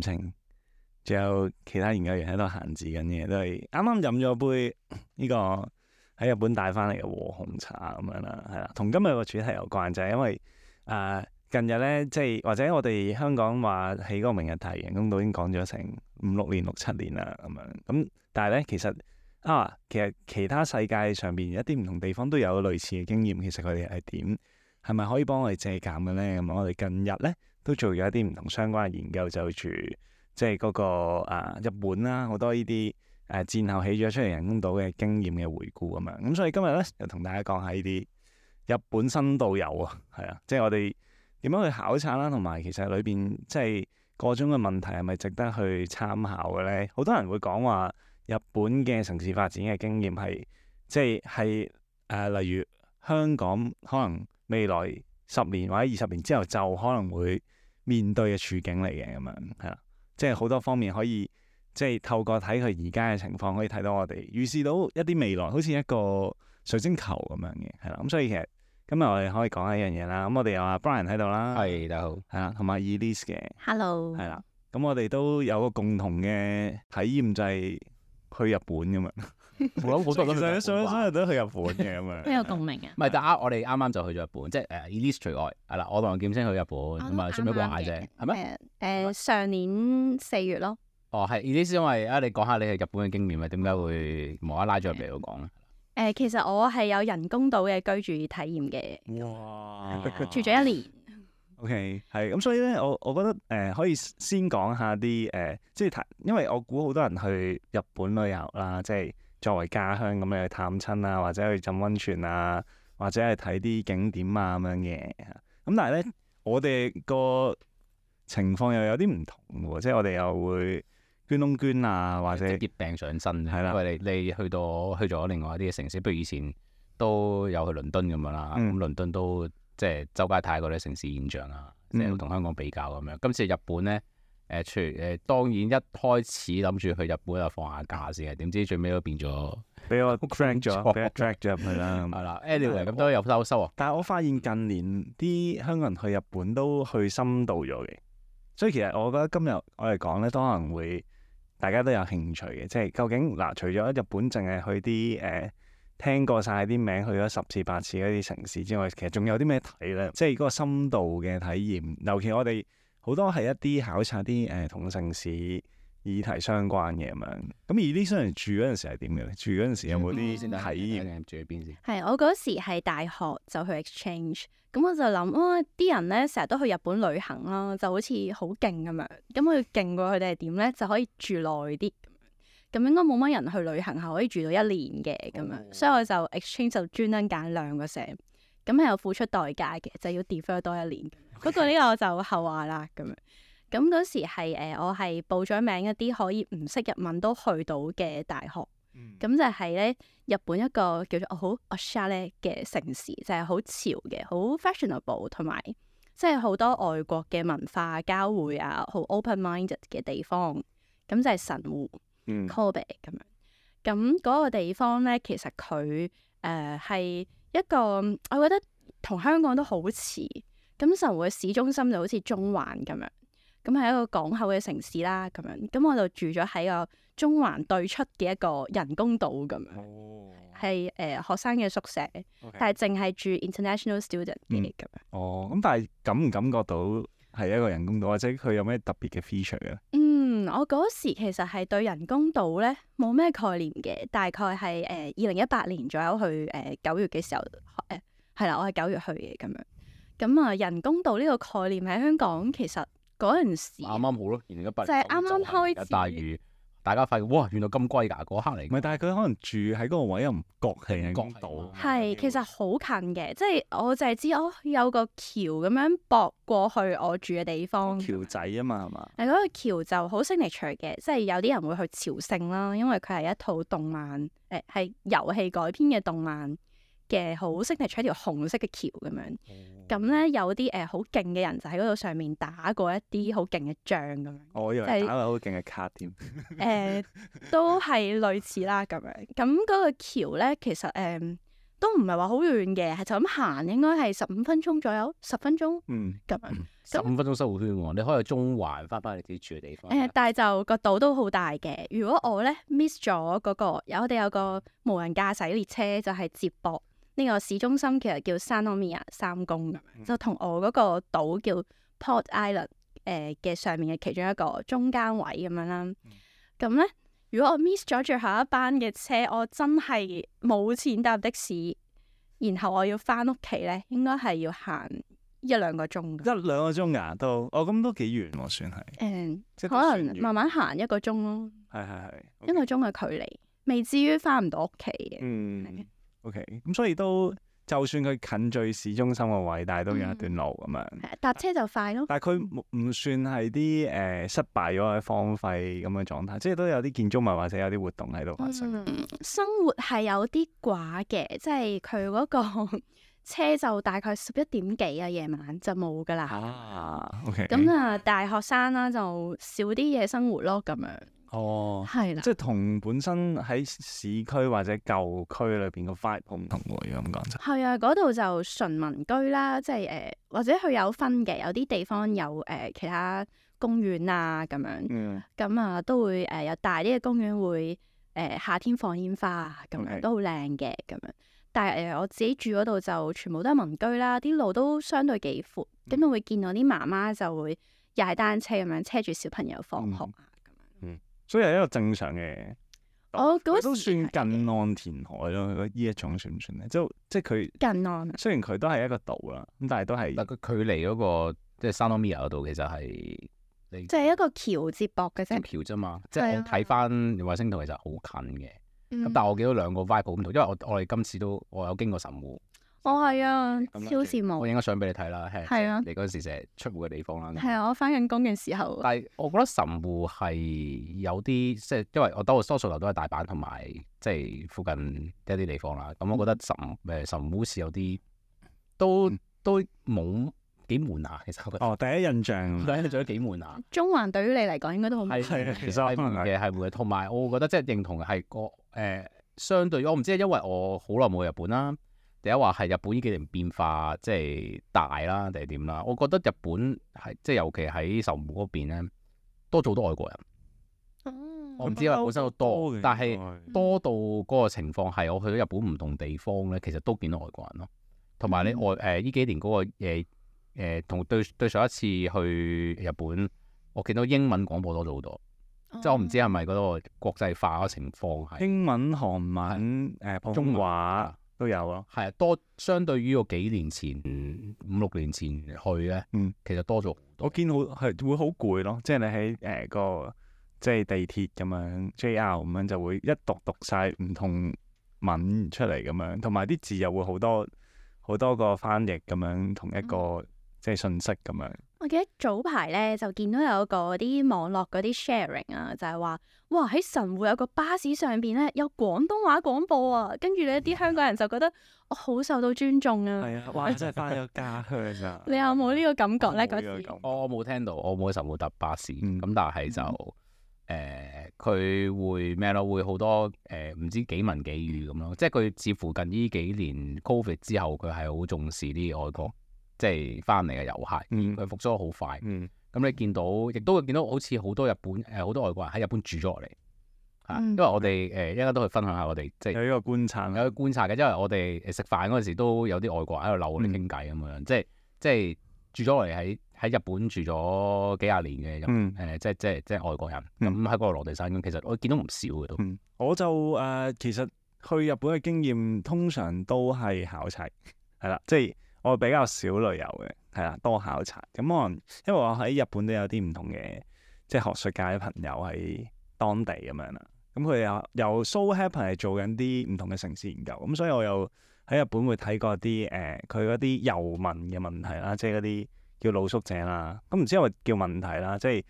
仲有其他研究員喺度閒置緊嘅，都係啱啱飲咗杯呢個喺日本帶翻嚟嘅和紅茶咁樣啦，係啦，同今日個主題有關，就係、是、因為誒、呃、近日咧，即係或者我哋香港話起嗰個明日大嶼人工島已經講咗成五六年、六七年啦咁樣，咁但係咧其實啊，其實其他世界上邊一啲唔同地方都有類似嘅經驗，其實佢哋係點，係咪可以幫我哋借鑒嘅咧？咁我哋近日咧。都做咗一啲唔同相關嘅研究，就住即係嗰個、啊、日本啦、啊，好多呢啲誒戰後起咗出嚟人工島嘅經驗嘅回顧咁樣。咁所以今日咧，就同大家講下呢啲日本新導遊啊，係啊，即係我哋點樣去考察啦、啊，同埋其實裏邊即係各種嘅問題係咪值得去參考嘅咧？好多人會講話日本嘅城市發展嘅經驗係即係係誒，例如香港可能未來十年或者二十年之後就可能會。面對嘅處境嚟嘅咁樣，係啦，即係好多方面可以，即係透過睇佢而家嘅情況，可以睇到我哋預示到一啲未來，好似一個水晶球咁樣嘅，係啦。咁所以其實今日我哋可以講下一樣嘢啦。咁我哋有阿 Brian 喺度啦，係大家好，係啦，同埋 Elise 嘅，hello，係啦。咁我哋都有個共同嘅體驗就係去日本咁樣。 冇諗過都上想，想想都去日本嘅，咁 啊，都有共鳴啊。唔係，但啱，我哋啱啱就去咗日本，即係誒，Elise 除外係啦。我同劍青去日本咁啊，最屘掛下啫，係咩？誒、嗯嗯嗯，上年四月咯。哦，係 Elise，因為啊，你講下你去日本嘅經驗啊，點解會無啦啦拉咗入嚟度講咧？誒，okay. uh, 其實我係有人工島嘅居住體驗嘅。哇！啊、住咗一年。O K，係咁，所以咧，我我覺得誒、呃，可以先講下啲誒，即係睇，因為我估好多人去日本旅遊啦，即、就、係、是。作為家鄉咁去探親啊，或者去浸溫泉啊，或者係睇啲景點啊咁樣嘅。咁但係咧，我哋個情況又有啲唔同喎，即係我哋又會捐窿捐啊，或者啲病上身。係啦的，你你去到去咗另外一啲嘅城市，不如以前都有去倫敦咁樣啦。咁、嗯、倫敦都即係周街睇嗰啲城市現象啊，即係都同香港比較咁樣。今次日本咧。誒，除誒、呃、當然一開始諗住去日本啊，放下假先嘅，點知最尾都變咗俾我 drag 咗，drag 我咗入去啦，係啦 anyway 咁都有收收啊。Anyway, 但係我發現近年啲香港人去日本都去深度咗嘅，所以其實我覺得今日我哋講咧，都可能會大家都有興趣嘅，即係究竟嗱、呃，除咗日本淨係去啲誒、呃、聽過晒啲名，去咗十次八次嗰啲城市之外，其實仲有啲咩睇咧？即係嗰個深度嘅體驗，尤其我哋。好多係一啲考察啲誒、呃、同城市議題相關嘅咁樣，咁而呢啲人住嗰陣時係點嘅咧？住嗰陣時有冇啲體驗？住喺邊先？係我嗰時係大學就去 exchange，咁我就諗哇，啲、啊、人咧成日都去日本旅行啦，就好似好勁咁樣。咁我要勁過佢哋係點咧？就可以住耐啲。咁應該冇乜人去旅行係、啊、可以住到一年嘅咁樣，嗯、所以我就 exchange 就專登揀兩個社，咁係有付出代價嘅，就要 defer 多一年。不過呢個我就後話啦。咁樣咁嗰、嗯、時係、呃、我係報咗名一啲可以唔識日文都去到嘅大學。咁、嗯、就係咧日本一個叫做好 oshare 嘅城市，就係、是、好潮嘅、好 fashionable 同埋即係好多外國嘅文化交匯啊，好 open minded 嘅地方。咁就係神戶 （Kobe） 咁樣。咁、嗯、嗰、那個地方咧，其實佢誒係一個我覺得同香港都好似。咁神戶市中心就好似中環咁樣，咁係一個港口嘅城市啦，咁樣，咁我就住咗喺個中環對出嘅一個人工島咁樣，係誒學生嘅宿舍，但係淨係住 international student 嘅咁樣。哦，咁但係感唔感覺到係一個人工島，或者佢有咩特別嘅 feature 嘅？嗯，我嗰時其實係對人工島咧冇咩概念嘅，大概係誒二零一八年左右去誒九、呃、月嘅時候，誒係啦，我係九、呃呃月，呃、月去嘅咁樣。咁啊、嗯，人工島呢個概念喺香港其實嗰陣時啱啱好咯，就係啱啱開始。大雨，大家發現哇，原來金龜架嗰刻嚟。唔係，但係佢可能住喺嗰個位又唔覺係人工島。係，是其實好近嘅，即、就、係、是、我就係知我、哦、有個橋咁樣駁過去我住嘅地方。橋仔啊嘛，係嘛？嗰個橋就好 signature 嘅，即、就、係、是、有啲人會去朝聖啦，因為佢係一套動漫，誒、呃、係遊戲改編嘅動漫。嘅好，即係出一條紅色嘅橋咁樣，咁咧、oh. 有啲誒好勁嘅人就喺嗰度上面打過一啲好勁嘅仗咁樣，oh, 以為打過好勁嘅卡添，誒、呃， 都係類似啦咁樣。咁嗰個橋咧，其實誒、呃、都唔係話好遠嘅，係就咁行，應該係十五分鐘左右，十分鐘、嗯。嗯，咁十五分鐘生活圈喎，樣你可以去中環翻返你自己住嘅地方。誒，但係就個島都好大嘅。如果我咧 miss 咗嗰個有我哋有個無人駕駛列車就係、是、接駁。呢個市中心其實叫 Sanomia 三宮，咁樣、嗯，就同我嗰個島叫 Port Island 誒、呃、嘅上面嘅其中一個中間位咁樣啦。咁咧、嗯嗯，如果我 miss 咗最後一班嘅車，我真係冇錢搭的士，然後我要翻屋企咧，應該係要行一兩個鐘，一兩個鐘牙都，我咁都幾遠喎，算係誒，嗯、可能慢慢行一個鐘咯。係係係，一個鐘嘅距離，未至於翻唔到屋企嘅。嗯。O K，咁所以都就算佢近最市中心嘅位，但係都有一段路咁樣，搭、嗯、車就快咯。但係佢唔算係啲誒失敗咗嘅荒廢咁嘅狀態，即係都有啲建築物或者有啲活動喺度發生。嗯、生活係有啲寡嘅，即係佢嗰個車就大概十一點幾啊，夜晚就冇噶啦。O K，咁啊、okay，大學生啦就少啲夜生活咯，咁樣。哦，係啦的，即係同本身喺市區或者舊區裏邊個 vibe 好唔同嘅，如果咁講就係啊，嗰度就純民居啦，即係誒或者佢有分嘅，有啲地方有誒、呃、其他公園啊咁樣，咁、嗯、啊都會誒、呃、有大啲嘅公園會誒、呃、夏天放煙花啊咁樣都好靚嘅咁樣，樣 Okay. 但係誒、呃、我自己住嗰度就全部都係民居啦，啲路都相對幾闊，咁、嗯嗯、會見到啲媽媽就會踩單車咁樣車住小朋友放學。嗯嗯所以係一個正常嘅，我、哦、都算近岸填海咯。呢、哦、一種算唔算咧？即即佢近岸，雖然佢都係一個島啦，咁但係都係，但佢距離嗰、那個即三宮嗰度其實係，你就係一個橋接駁嘅啫，橋啫嘛。即我睇翻衛星圖其實好近嘅，咁、啊嗯、但係我見到兩個 vibe 咁多，因為我我哋今次都我有經過神戶。Oh, yeah, 超我係啊，超羨慕！我影咗相俾你睇啦，係啊 Yeah.，就是、你嗰陣時成日出戶嘅地方啦。係啊，我翻緊工嘅時候。但係我覺得神戶係有啲，即係因為我多多數留都係大阪同埋即係附近一啲地方啦。咁我覺得神誒神戶市有啲都都冇幾悶啊，其實我覺得。哦，第一印象，第一印象幾悶啊！ 中環對於你嚟講應該都好悶，係啊，其實係悶嘅，係悶嘅。同埋我覺得即係認同係個誒，相對於我唔知，因為我好耐冇去日本啦。或者話係日本呢幾年變化即係大啦定係點啦？我覺得日本係即係尤其喺神戶嗰邊咧，多咗好多外國人。嗯、我唔知話本身好多，但係多到嗰個情況係，嗯、我去到日本唔同地方咧，其實都見到外國人咯。同埋咧外誒呢、呃、幾年嗰、嗰個誒同、呃、對對上一次去日本，我見到英文廣播多咗好多，嗯、即係我唔知係咪嗰個國際化嘅情況係、啊、英文、韓文誒、呃、中華。都有咯、啊，係啊，多相對於個幾年前、五六年前去咧，嗯，其實多咗好多、嗯。我見到係會好攰咯，即係你喺誒、呃、個即係地鐵咁樣 JR 咁樣就會一讀讀晒唔同文出嚟咁樣，同埋啲字又會好多好多個翻譯咁樣，同一個、嗯、即係信息咁樣。我記得早排咧，就見到有個啲網絡嗰啲 sharing 啊，就係、是、話哇喺神戶有個巴士上邊咧有廣東話廣播啊，跟住咧啲香港人就覺得的我好受到尊重啊。係啊，哇！真係翻咗家鄉啊！ 你有冇呢個感覺咧？嗰時我冇聽到，我冇喺神戶搭巴士，咁、嗯、但係就誒佢、呃、會咩咯？會好多誒唔、呃、知幾文幾語咁咯。即係佢似乎近呢幾年 covid 之後，佢係好重視啲外國。即係翻嚟嘅遊客，佢復蘇得好快，咁、嗯、你見到，亦都會見到，好似好多日本誒，好、呃、多外國人喺日本住咗落嚟，吓、嗯，因為我哋誒，依、呃、家都去分享下我哋即係有一個觀察，有去觀察嘅，因為我哋食飯嗰陣時都有啲外國人喺度留我哋傾偈咁樣，即係即係住咗落嚟喺喺日本住咗幾廿年嘅咁，誒，即係即係即係外國人，咁喺嗰個落地生根，其實我見到唔少嘅都，嗯、我就誒，uh, 其實去日本嘅經驗通常都係考察。係啦，即係。我比較少旅遊嘅，係啦，多考察。咁可能因為我喺日本都有啲唔同嘅，即係學術界嘅朋友喺當地咁樣啦。咁、嗯、佢又又 so happen 係做緊啲唔同嘅城市研究。咁、嗯、所以我又喺日本會睇過啲誒，佢嗰啲遊民嘅問題啦，即係嗰啲叫露宿者啦。咁、嗯、唔知係咪叫問題啦？即係誒、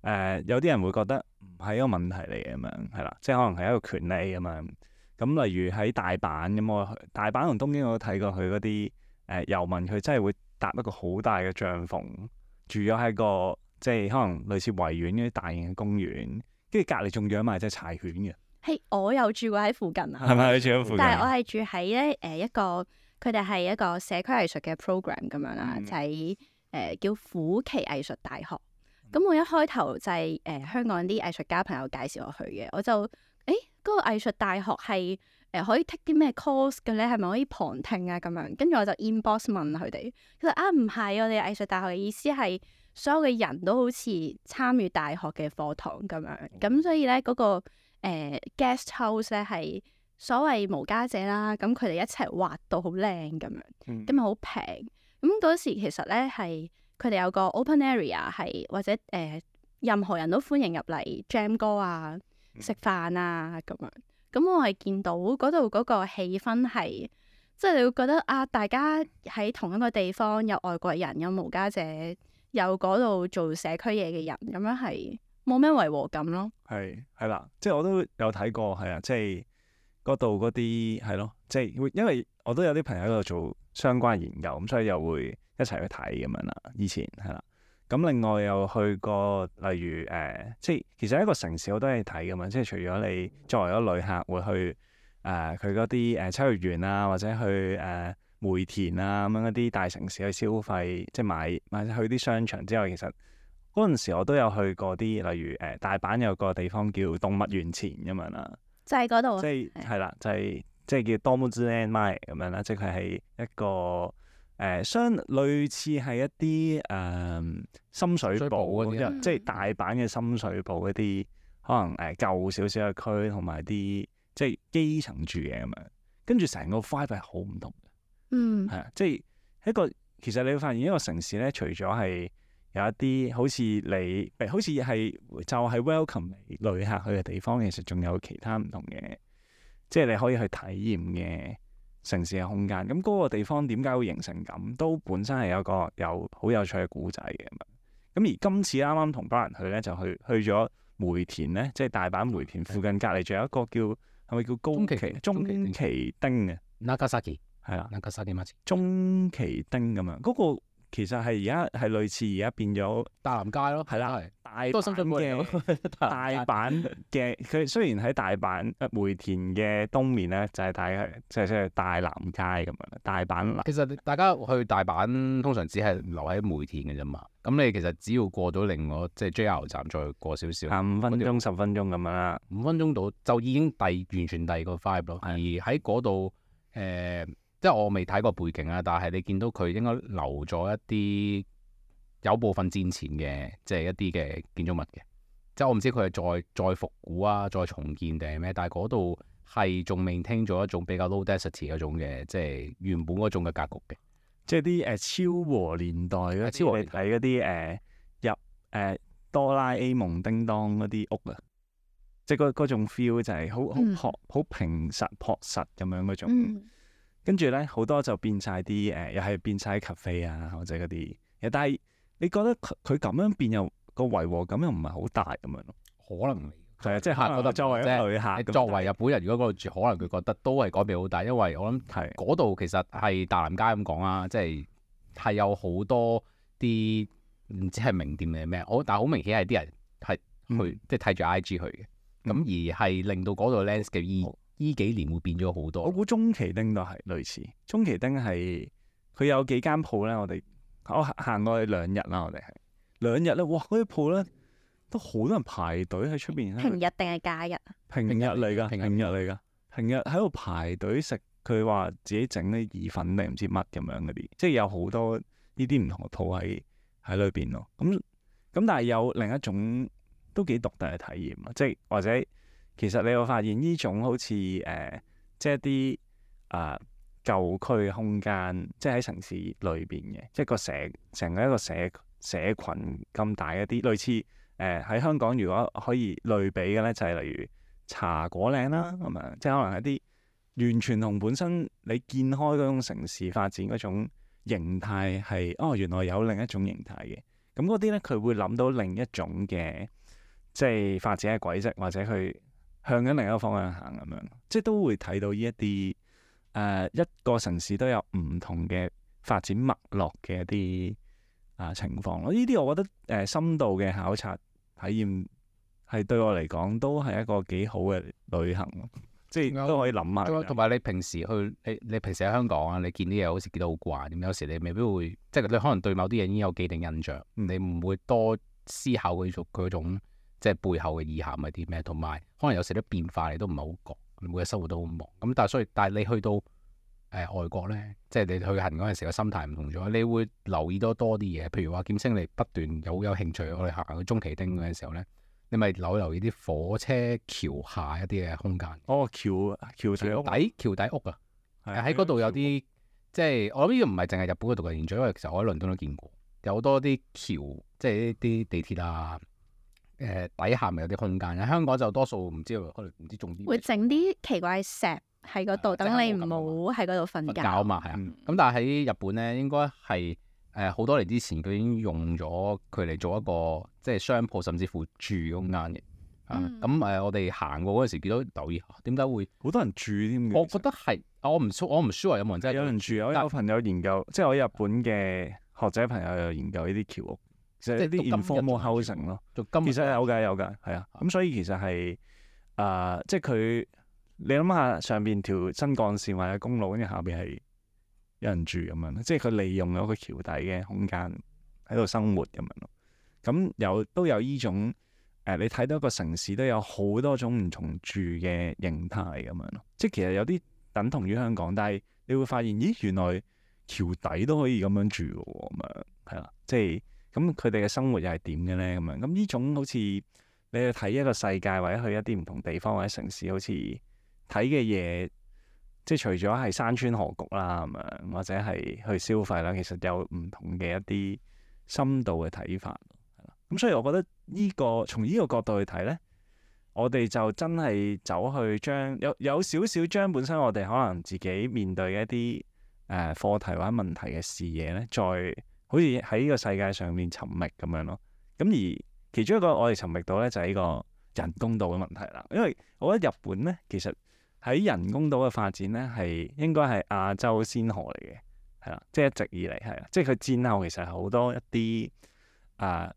呃，有啲人會覺得唔係一個問題嚟嘅咁樣，係啦，即係可能係一個權利咁樣。咁、嗯、例如喺大阪咁、嗯，我大阪同東京我都睇過佢嗰啲。誒、呃、遊民佢真係會搭一個好大嘅帳篷，住咗喺個即係可能類似維園嗰啲大型嘅公園，跟住隔離仲養埋隻柴犬嘅。係，我有住過喺附近啊。係咪 住喺附近？ 但係我係住喺咧誒一個佢哋係一個社區藝術嘅 program 咁樣啦，嗯、就喺、是、誒、呃、叫虎奇藝術大學。咁我一開頭就係、是、誒、呃、香港啲藝術家朋友介紹我去嘅，我就誒嗰、欸那個藝術大學係。誒、呃、可以 take 啲咩 course 嘅咧？係咪可以旁聽啊？咁樣跟住我就 inbox 問佢哋，佢話啊唔係、啊，我哋藝術大學嘅意思係所有嘅人都好似參與大學嘅課堂咁樣。咁所以咧嗰、那個、呃、guest house 咧係所謂無家者啦。咁佢哋一齊畫到好靚咁樣，咁又好平。咁嗰、嗯、時其實咧係佢哋有個 open area 係或者誒、呃、任何人都歡迎入嚟 jam 歌啊、食飯啊咁樣。咁、嗯、我係見到嗰度嗰個氣氛係，即係你會覺得啊，大家喺同一個地方有外國人，有無家者，有嗰度做社區嘢嘅人，咁樣係冇咩違和感咯。係係啦，即係我都有睇過，係啊，即係嗰度嗰啲係咯，即係會因為我都有啲朋友喺度做相關研究，咁所以又會一齊去睇咁樣啦。以前係啦。咁另外又去過，例如誒、呃，即係其實一個城市我都係睇噶嘛，即係除咗你作為一個旅客會去誒，佢嗰啲誒秋葉原啊，或者去誒、呃、梅田啊咁樣嗰啲大城市去消費，即係買買去啲商場之外，其實嗰陣時我都有去過啲，例如誒、呃、大阪有個地方叫動物園前咁樣啦，就喺嗰度，即係係啦，就係即係叫動物園前咁樣啦，即係佢係一個。誒相、呃、類似係一啲誒、呃、深水埗啲，即係大阪嘅深水埗嗰啲，嗯、可能誒舊少少嘅區，同埋啲即係基層住嘅咁樣，跟住成個 vibe 係好唔同嘅，嗯，係啊，即係一個其實你會發現一個城市咧，除咗係有一啲好似你誒，好似係就係、是、welcome 嚟旅客去嘅地方，其實仲有其他唔同嘅，即係你可以去體驗嘅。城市嘅空間，咁嗰個地方點解會形成咁？都本身係有個有好有趣嘅古仔嘅。咁而今次啱啱同班人去咧，就去去咗梅田咧，即係大阪梅田附近隔離，仲有一個叫係咪叫高崎中崎町嘅。Nakazaki 係啦，Nakazaki 乜字？中崎町咁樣嗰個，其實係而家係類似而家變咗大南街咯，係啦的，大深圳嘅大阪嘅佢 雖然喺大阪梅田嘅東面咧，就係、是、睇，就係即係大南街咁樣。大阪其實大家去大阪通常只係留喺梅田嘅啫嘛。咁你其實只要過到另外即係 JR 站再過少少，五分鐘、十條分鐘咁樣啦，五分鐘到就已經帶完全第二個 five 咯。的而喺嗰度誒。呃即係我未睇過背景啊，但係你見到佢應該留咗一啲有部分戰前嘅、就是，即係一啲嘅建築物嘅。即係我唔知佢係再再復古啊，再重建定係咩？但係嗰度係仲 maintain 咗一種比較 low density 嗰種嘅，即係原本嗰種嘅格局嘅。即係啲誒昭和年代嗰啲，昭和年代你睇嗰啲誒入誒哆啦 A 夢叮當嗰啲屋啊，即係嗰嗰種 feel 就係好好樸好平實樸實咁樣嗰種。嗯跟住咧，好多就變晒啲誒，又係變晒 cafe 啊，或者嗰啲。但係你覺得佢佢咁樣變又個違和感又唔係好大咁樣咯？可能係啊，的即係客覺得作為旅客，是作為日本人如果嗰度住，可能佢覺得都係改變好大，因為我諗係嗰度其實係大南街咁講啊，即係係有好多啲唔知係名店定係咩？我但係好明顯係啲人係去、嗯、即係睇住 IG 去嘅，咁而係令到嗰度 lens 嘅意。依幾年會變咗好多，我估中期丁都係類似。中期丁係佢有幾間鋪咧，我哋我行過去兩日啦，我哋係兩日咧，哇！嗰啲鋪咧都好多人排隊喺出邊。平日定係假日？平日嚟㗎，平日嚟㗎，平日喺度排隊食，佢話自己整啲意粉定唔知乜咁樣嗰啲，即係有好多呢啲唔同嘅鋪喺喺裏邊咯。咁咁但係有另一種都幾獨特嘅體驗啊，即係或者。其實你會發現呢種好似誒、呃，即係啲啊舊區空間，即係喺城市裏邊嘅，即係個社成個一個社社群咁大一啲，類似誒喺、呃、香港如果可以類比嘅咧，就係、是、例如茶果嶺啦，咁啊，即係可能係一啲完全同本身你建開嗰種城市發展嗰種形態係哦，原來有另一種形態嘅，咁嗰啲咧佢會諗到另一種嘅即係發展嘅軌跡，或者佢。向緊另一個方向行咁樣，即係都會睇到呢一啲誒一個城市都有唔同嘅發展脈絡嘅一啲啊、呃、情況咯。呢啲我覺得誒、呃、深度嘅考察體驗係對我嚟講都係一個幾好嘅旅行，即係都可以諗下。同埋、嗯、你平時去你你平時喺香港啊，你見啲嘢好似見得好慣，咁有時你未必會即係你可能對某啲嘢已經有既定印象，你唔會多思考佢種。即係背後嘅意涵係啲咩？同埋可能有時啲變化你都唔係好覺，你每日生活都好忙。咁但係所以，但係你去到誒、呃、外國咧，即係你去行嗰陣時個心態唔同咗，你會留意多多啲嘢。譬如話，劍青，你不斷有有，有興趣，我哋行去中崎町嗰陣時候咧，你咪留留意啲火車橋下一啲嘅空間。哦，橋橋，橋，底橋底屋，底橋屋啊！喺嗰度有啲即係我諗呢啲唔係淨係日本嘅獨特現象，因為其實我喺倫敦都見過，有好多啲橋，即係啲地鐵啊。誒、呃、底下咪有啲空間嘅，香港就多數唔知道可能唔知種啲會整啲奇怪石喺嗰度，等的讓你唔好喺嗰度瞓覺啊、嗯、嘛，係啊。咁、嗯嗯、但係喺日本咧，應該係誒好多年之前佢已經用咗佢嚟做一個即係商鋪，甚至乎住空間嘅啊。咁誒，我哋行過嗰陣時見到留意，點解會好多人住添？我覺得係，我唔舒，我唔舒話有冇人真係有人住，有人住有人但有朋友研究，即係我日本嘅學者朋友又研究呢啲橋屋。即係啲現況冇構成咯，其實，housing，其實有㗎有㗎，係啊。咁的、嗯、所以其實係誒、呃，即係佢你諗下上邊條新幹線或者公路，跟住下邊係有人住咁樣，即係佢利用咗個橋底嘅空間喺度生活咁樣咯。咁有都有依種誒、呃，你睇到一個城市都有好多種唔同住嘅形態咁樣咯。即係其實有啲等同於香港，但係你會發現，咦原來橋底都可以咁樣住㗎喎咁樣，係啦，即係。咁佢哋嘅生活又係點嘅咧？咁樣咁呢種好似你去睇一個世界，或者去一啲唔同地方或者城市，好似睇嘅嘢，即係除咗係山川河谷啦咁樣，或者係去消費啦，其實有唔同嘅一啲深度嘅睇法。咁所以，我覺得呢個，從呢個角度去睇咧，我哋就真係走去將有有少少將本身我哋可能自己面對嘅一啲誒課題或者問題嘅視野咧，再。好似喺呢個世界上面尋覓咁樣咯，咁而其中一個我哋尋覓到咧就係、是、呢個人工島嘅問題啦。因為我覺得日本咧，其實喺人工島嘅發展咧係應該係亞洲先河嚟嘅，係啦，即、就、係、是、一直以嚟係啦，即係佢戰後其實係好多一啲啊、呃、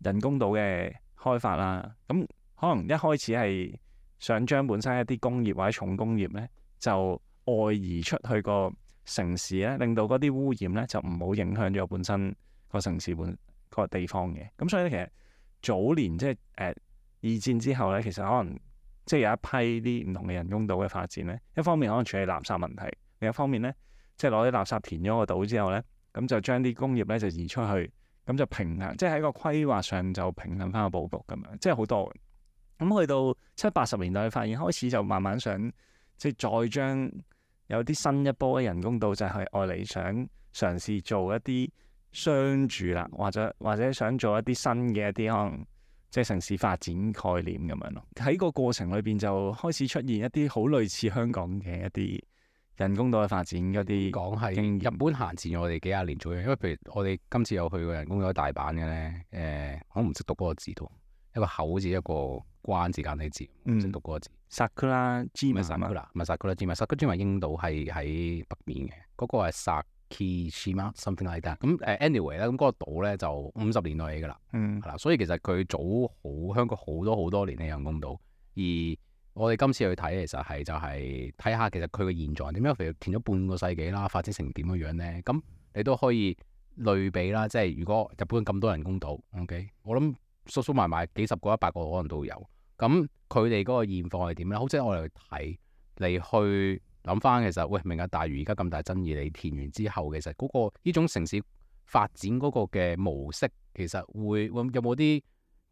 人工島嘅開發啦。咁、嗯、可能一開始係想將本身一啲工業或者重工業咧就外移出去個城市咧，令到嗰啲污染咧就唔好影響咗本身個城市本個地方嘅。咁所以咧，其實早年即係誒、啊、二戰之後咧，其實可能即係有一批啲唔同嘅人工島嘅發展咧。一方面可能處理垃圾問題，另一方面咧即係攞啲垃圾填咗個島之後咧，咁就將啲工業咧就移出去，咁就平衡，即係喺個規劃上就平衡翻個佈局咁樣，即係好多。咁去到七八十年代，發現開始就慢慢想即係再將。有啲新一波嘅人工島就係愛嚟想嘗試做一啲商住啦，或者或者想做一啲新嘅一啲可能即係城市發展概念咁樣咯。喺個過程裏邊就開始出現一啲好類似香港嘅一啲人工島嘅發展一啲講係日本行前我哋幾廿年做嘅，因為譬如我哋今次有去過人工島大阪嘅咧，誒、呃、我唔識讀嗰個字度，一個口字一個關字簡體字唔識讀嗰個字。嗯撒克啦，唔係撒啦，唔係撒克啦，專門。撒克專門，印度係喺北面嘅，嗰、那個係撒基島，something like that。咁誒，anyway 咧，咁嗰個島咧就五十年代嚟㗎啦，係啦、嗯。所以其實佢早好香港好多好多年嘅人工島，而我哋今次去睇，其實係就係睇下其實佢嘅現狀點解？譬如填咗半個世紀啦，發展成點樣樣咧。咁你都可以類比啦，即係如果日本咁多人工島，OK，我諗數數埋埋幾十個、一百個可能都有。咁佢哋嗰個現況係點呢？好似我哋去睇你去諗翻，其實喂，明日大嶼而家咁大爭議，你填完之後，其實嗰個呢種城市發展嗰個嘅模式，其實會會有冇啲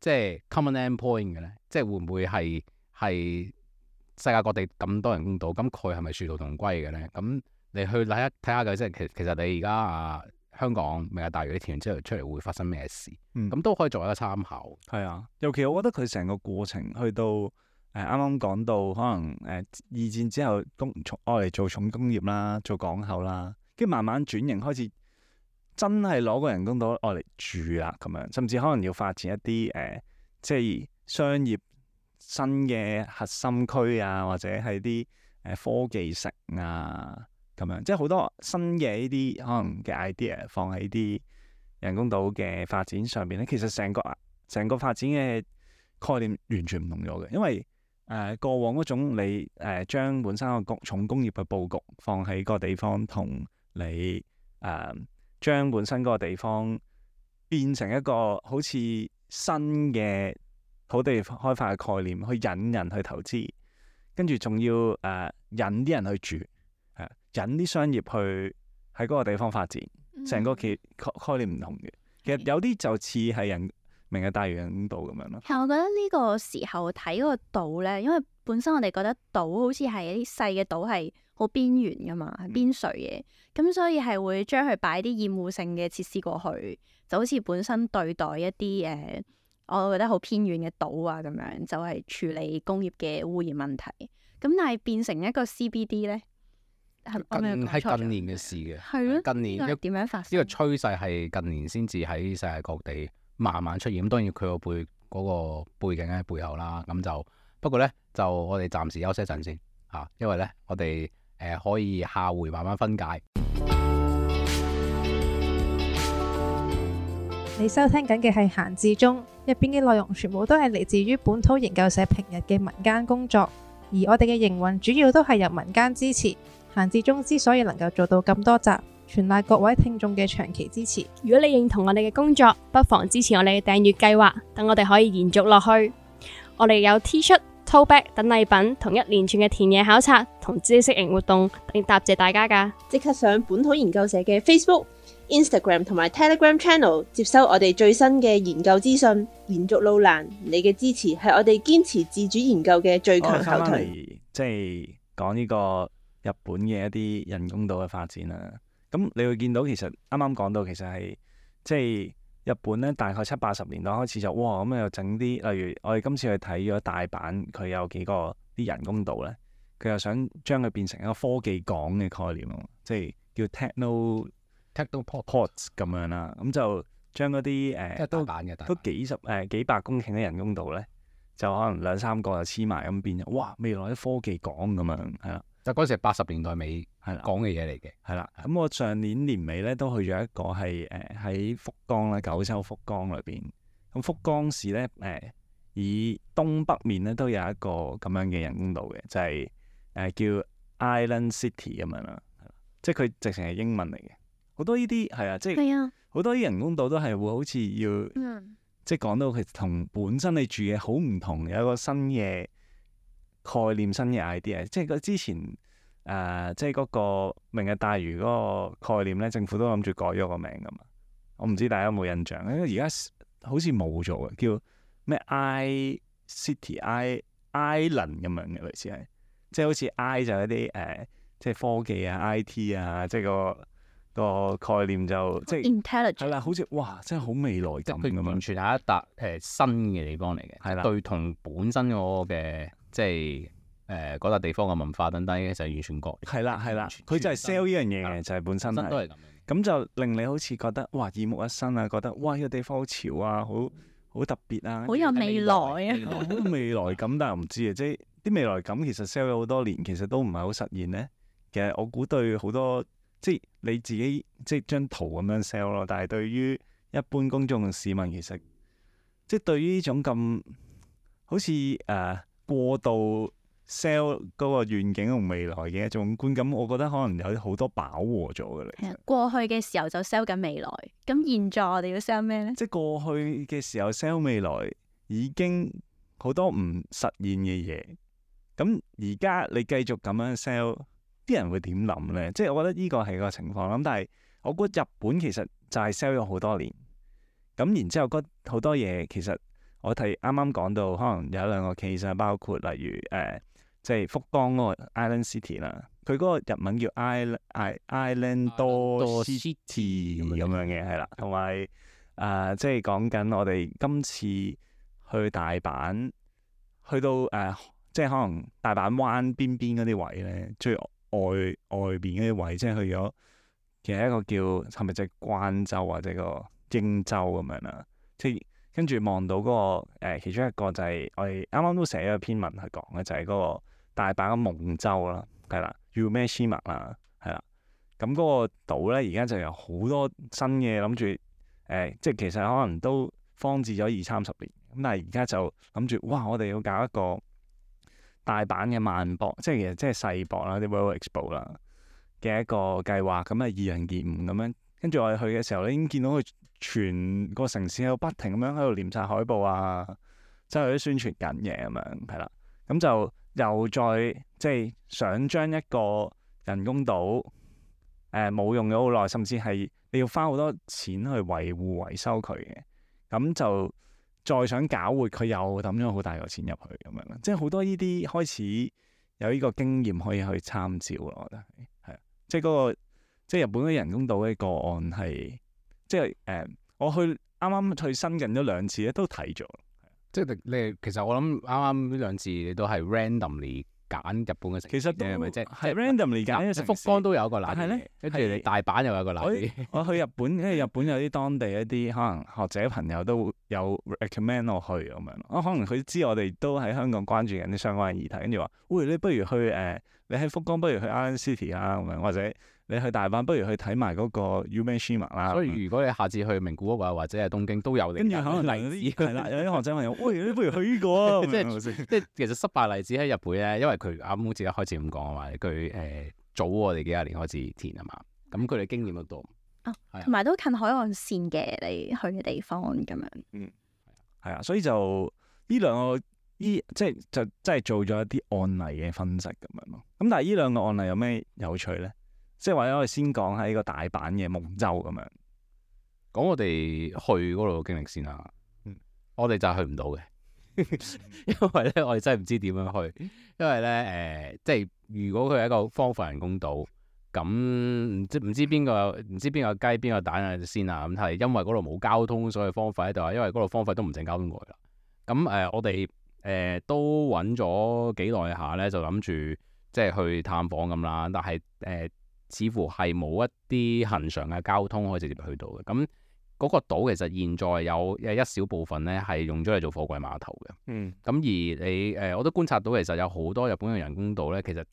即係 common end point 嘅呢？即係會唔會係係世界各地咁多人公道？咁，佢係咪殊途同歸嘅呢？咁你去睇一睇下嘅啫。其實其實你而家啊～香港未有大嶼啲填完之後出嚟會發生咩事？咁都、嗯、可以作為一個參考。係啊，尤其我覺得佢成個過程去到誒，啱啱講到可能誒、呃、二戰之後工從愛嚟做重工業啦，做港口啦，跟住慢慢轉型開始真係攞個人工島愛嚟住啦咁樣，甚至可能要發展一啲誒、呃，即係商業新嘅核心區啊，或者係啲誒科技城啊。咁樣，即係好多新嘅呢啲可能嘅 idea 放喺啲人工島嘅發展上邊咧。其實成個成個發展嘅概念完全唔同咗嘅，因為誒、呃、過往嗰種你誒、呃、將本身個重工業嘅佈局放喺個地方，同你誒、呃、將本身嗰個地方變成一個好似新嘅土地開發嘅概念去引人去投資，跟住仲要誒、呃、引啲人去住。引啲商業去喺嗰個地方發展，成、嗯、個概念唔同嘅。其實有啲就似係人明日是大嶼島咁樣咯。係，我覺得呢個時候睇個島咧，因為本身我哋覺得島好似係一啲細嘅島，係好邊緣噶嘛，係邊陲嘅，咁所以係會將佢擺啲厭惡性嘅設施過去，就好似本身對待一啲誒、呃，我覺得好偏遠嘅島啊樣，咁樣就係、是、處理工業嘅污染問題。咁但係變成一個 C B D 咧。係近年嘅事嘅，係咯的。近年要個點樣發呢個趨勢係近年先至喺世界各地慢慢出現。咁當然，佢個背個背景喺背後啦。咁就不過呢，就我哋暫時休息陣先吓，因為呢，我哋誒、呃、可以下回慢慢分解。你收聽緊嘅係閒置中入邊嘅內容，全部都係嚟自於本土研究社平日嘅民間工作，而我哋嘅營運主要都係由民間支持。陳志忠之所以能夠做到咁多集，全賴各位聽眾嘅長期支持。如果你認同我哋嘅工作，不妨支持我哋嘅訂閱計劃，等我哋可以延續落去。我哋有 T 恤、Tote Bag 等禮品，同一連串嘅田野考察同知識型活動，亦答謝大家噶。即刻上本土研究社嘅 Facebook、Instagram 同埋 Telegram Channel 接收我哋最新嘅研究資訊。延續路難，你嘅支持係我哋堅持自主研究嘅最強後盾。即係講呢個。日本嘅一啲人工島嘅發展啦，咁你會見到其實啱啱講到其實係即係日本咧，大概七八十年代開始就哇咁、嗯、又整啲例如我哋今次去睇咗大阪，佢有幾個啲人工島咧，佢又想將佢變成一個科技港嘅概念咯，即係叫 techno techno ports 咁樣啦，咁、嗯、就將嗰啲誒都幾十誒、呃、幾百公頃嘅人工島咧，就可能兩三個就黐埋咁變咗，哇！未來啲科技港咁樣係啦。就嗰時係八十年代尾講嘅嘢嚟嘅，係啦。咁我上年年尾咧都去咗一個係誒喺福岡啦，九州福岡裏邊。咁福岡市咧誒、呃，以東北面咧都有一個咁樣嘅人工島嘅，就係、是、誒、呃、叫 Island City 咁樣啦，即係佢直情係英文嚟嘅，好多呢啲係啊，即係好多啲人工島都係會好似要，嗯、即係講到佢同本身你住嘅好唔同，有一個新嘢。概念新嘅 idea，即係個之前誒、呃，即係嗰個明日大嶼嗰個概念咧，政府都諗住改咗個名噶嘛。我唔知大家有冇印象因為，而家好似冇做，嘅，叫咩 I City I Island 咁樣嘅，類似係，即係好似 i 就一啲誒、呃，即係科技啊、IT 啊，即係、嗰個、嗰個概念就即係 intelligent，係啦，好似哇，真係好未來感咁樣，完全係一笪誒新嘅地方嚟嘅，係啦的，對同本身嗰、嗰個嘅。即係誒嗰笪地方嘅文化等等，呢就完全割。係啦，係啦，佢就係 sell 呢樣嘢嘅，就係本，本身都係咁。咁就令你好似覺得哇耳目一新啊，覺得哇呢、呢個地方好潮啊，好好特別啊，好有未來啊，好 有未來感，但係唔知啊，即係啲未來感其實 sell 咗好多年，其實都唔係好實現咧。其實我估對好多即係你自己即係張圖咁樣 sell 咯，但係對於一般公眾嘅市民，其實即係對於呢種咁好似誒。呃過度 sell 嗰個願景同未來嘅一種觀感，我覺得可能有好多飽和咗嘅咧。過去嘅時候就 sell 緊未來，咁現在我哋要 sell 咩咧？即係過去嘅時候 sell 未來已經好多唔實現嘅嘢，咁而家你繼續咁樣 sell，啲人會點諗咧？即係我覺得呢個係個情況啦。但係我覺得日本其實就係 sell 咗好多年，咁然之後好多嘢其實。我睇啱啱講到，可能有一兩個 case 啊，包括例如誒，即係福岡嗰個 Island City 啦，佢嗰個日文叫 Island Island City 咁樣嘅，係啦。同埋誒，即係講緊我哋今次去大阪，去到誒，即係可能大阪灣邊邊嗰啲位咧，最外外邊嗰啲位，即係去咗，其實一個叫係咪即係關州或者個應州咁樣啦，即係。跟住望到嗰、那個、哎、其中一個就係我哋啱啱都寫咗篇文去講嘅，就係、是、嗰個大阪嘅夢洲啦，係啦，Yumeshima 啦，係啦。咁嗰個島咧，而家就有好多新嘅諗住誒，即係其實可能都放置咗二三十年。咁但係而家就諗住，哇！我哋要搞一個大阪嘅萬博，即係其實即係世博啦，啲 World Expo 啦嘅一個計劃。咁啊，二零二五咁樣。跟住我哋去嘅時候咧，已經見到佢。全個城市喺度不停咁樣喺度黏晒海報啊，即係都宣傳緊嘢咁樣，係啦。咁就又再即係、就是、想將一個人工島，誒、呃、冇用咗好耐，甚至係你要花好多錢去維護維修佢嘅。咁就再想搞活佢，又抌咗好大個錢入去咁樣。即係好多呢啲開始有呢個經驗可以去參照咯，我覺得係，係啊。即係嗰個即係、就是、日本嘅人工島嘅個案係。即係誒、嗯，我去啱啱去新近咗兩次咧，都睇咗。即係你其實我諗啱啱呢兩次你都係 randomly 揀日本嘅城市。其實，係咪即係是 randomly 揀嘅城市？福岡都有一個例子，譬如你大阪又有一個例子。我去日本，因為日本有啲當地一啲可能學者朋友都有 recommend 我去咁樣。我 可能佢知我哋都喺香港關注緊啲相關議題，跟住話：喂，你不如去誒、呃，你喺福岡不如去 Island City 啊，或者。你去大阪，不如去睇埋嗰個 Yume Shima 啦、嗯。所以如果你下次去名古屋、那、啊、個，或者係東京都有。跟住可能例子係啦，有啲學者朋友， 喂，你不如去呢個啊。 即係即係，其實失敗例子喺日本咧，因為佢啱啱好似一開始咁講啊嘛，佢誒早我哋幾廿年開始填啊嘛，咁佢哋經驗都多。啊，同埋都近海岸線嘅，你去嘅地方咁樣。嗯，係啊，所以就呢兩個，依即係就真係做咗一啲案例嘅分析咁樣咯。咁但係呢兩個案例有咩有趣咧？即係話，我哋先講喺個大阪嘅夢洲咁樣，講我哋去嗰度嘅經歷先啊、嗯， 我哋就係去唔到嘅，因為咧，我哋真係唔知點樣去。因為咧，誒、呃，即係如果佢係一個荒廢人工島，咁、嗯、唔知唔知邊個唔知邊個雞邊個蛋就先啊？咁係因為嗰度冇交通，所以荒廢喺度啊。因為嗰度荒廢都唔整交通過嚟啦。咁、嗯、誒、呃，我哋誒、呃、都揾咗幾耐下咧，就諗住即係去探訪咁啦。但係誒、呃似乎係冇一啲恒常嘅交通可以直接去到嘅。咁嗰、那個島其實現在有有一小部分咧係用咗嚟做貨櫃碼頭嘅。嗯。咁而你誒，我都觀察到其實有好多日本嘅人工島咧，其實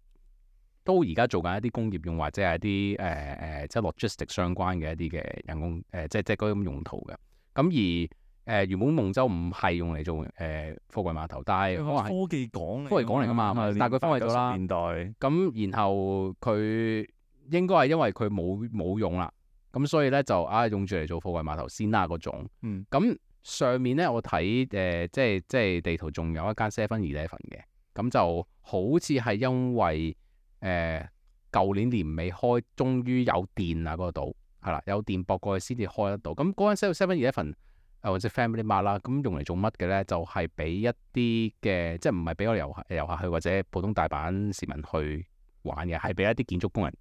都而家做緊一啲工業用，或者係一啲誒誒，即係 logistic 相關嘅一啲嘅人工誒、呃，即即嗰種用途嘅。咁而誒、呃、原本夢洲唔係用嚟做誒貨櫃碼頭，但係科技港科技港嚟㗎嘛，但係佢分去到啦年代。咁然後佢。應該係因為佢冇冇用啦，咁所以咧就啊用住嚟做貨櫃碼頭先啦、啊、嗰種嗯嗯、呃。嗯，咁上面咧我睇誒即係即係地圖仲有一間 seven eleven 嘅，咁就好似係因為誒舊、呃、年年尾開，終於有電啊嗰、嗰個島係啦，有電駁過去先至開得到。咁嗰間 seven eleven 誒或者 family mart 啦、嗯，咁用嚟做乜嘅咧？就係、是、俾一啲嘅即係唔係俾我遊客遊客去或者普通大阪市民去玩嘅，係俾一啲建築工人。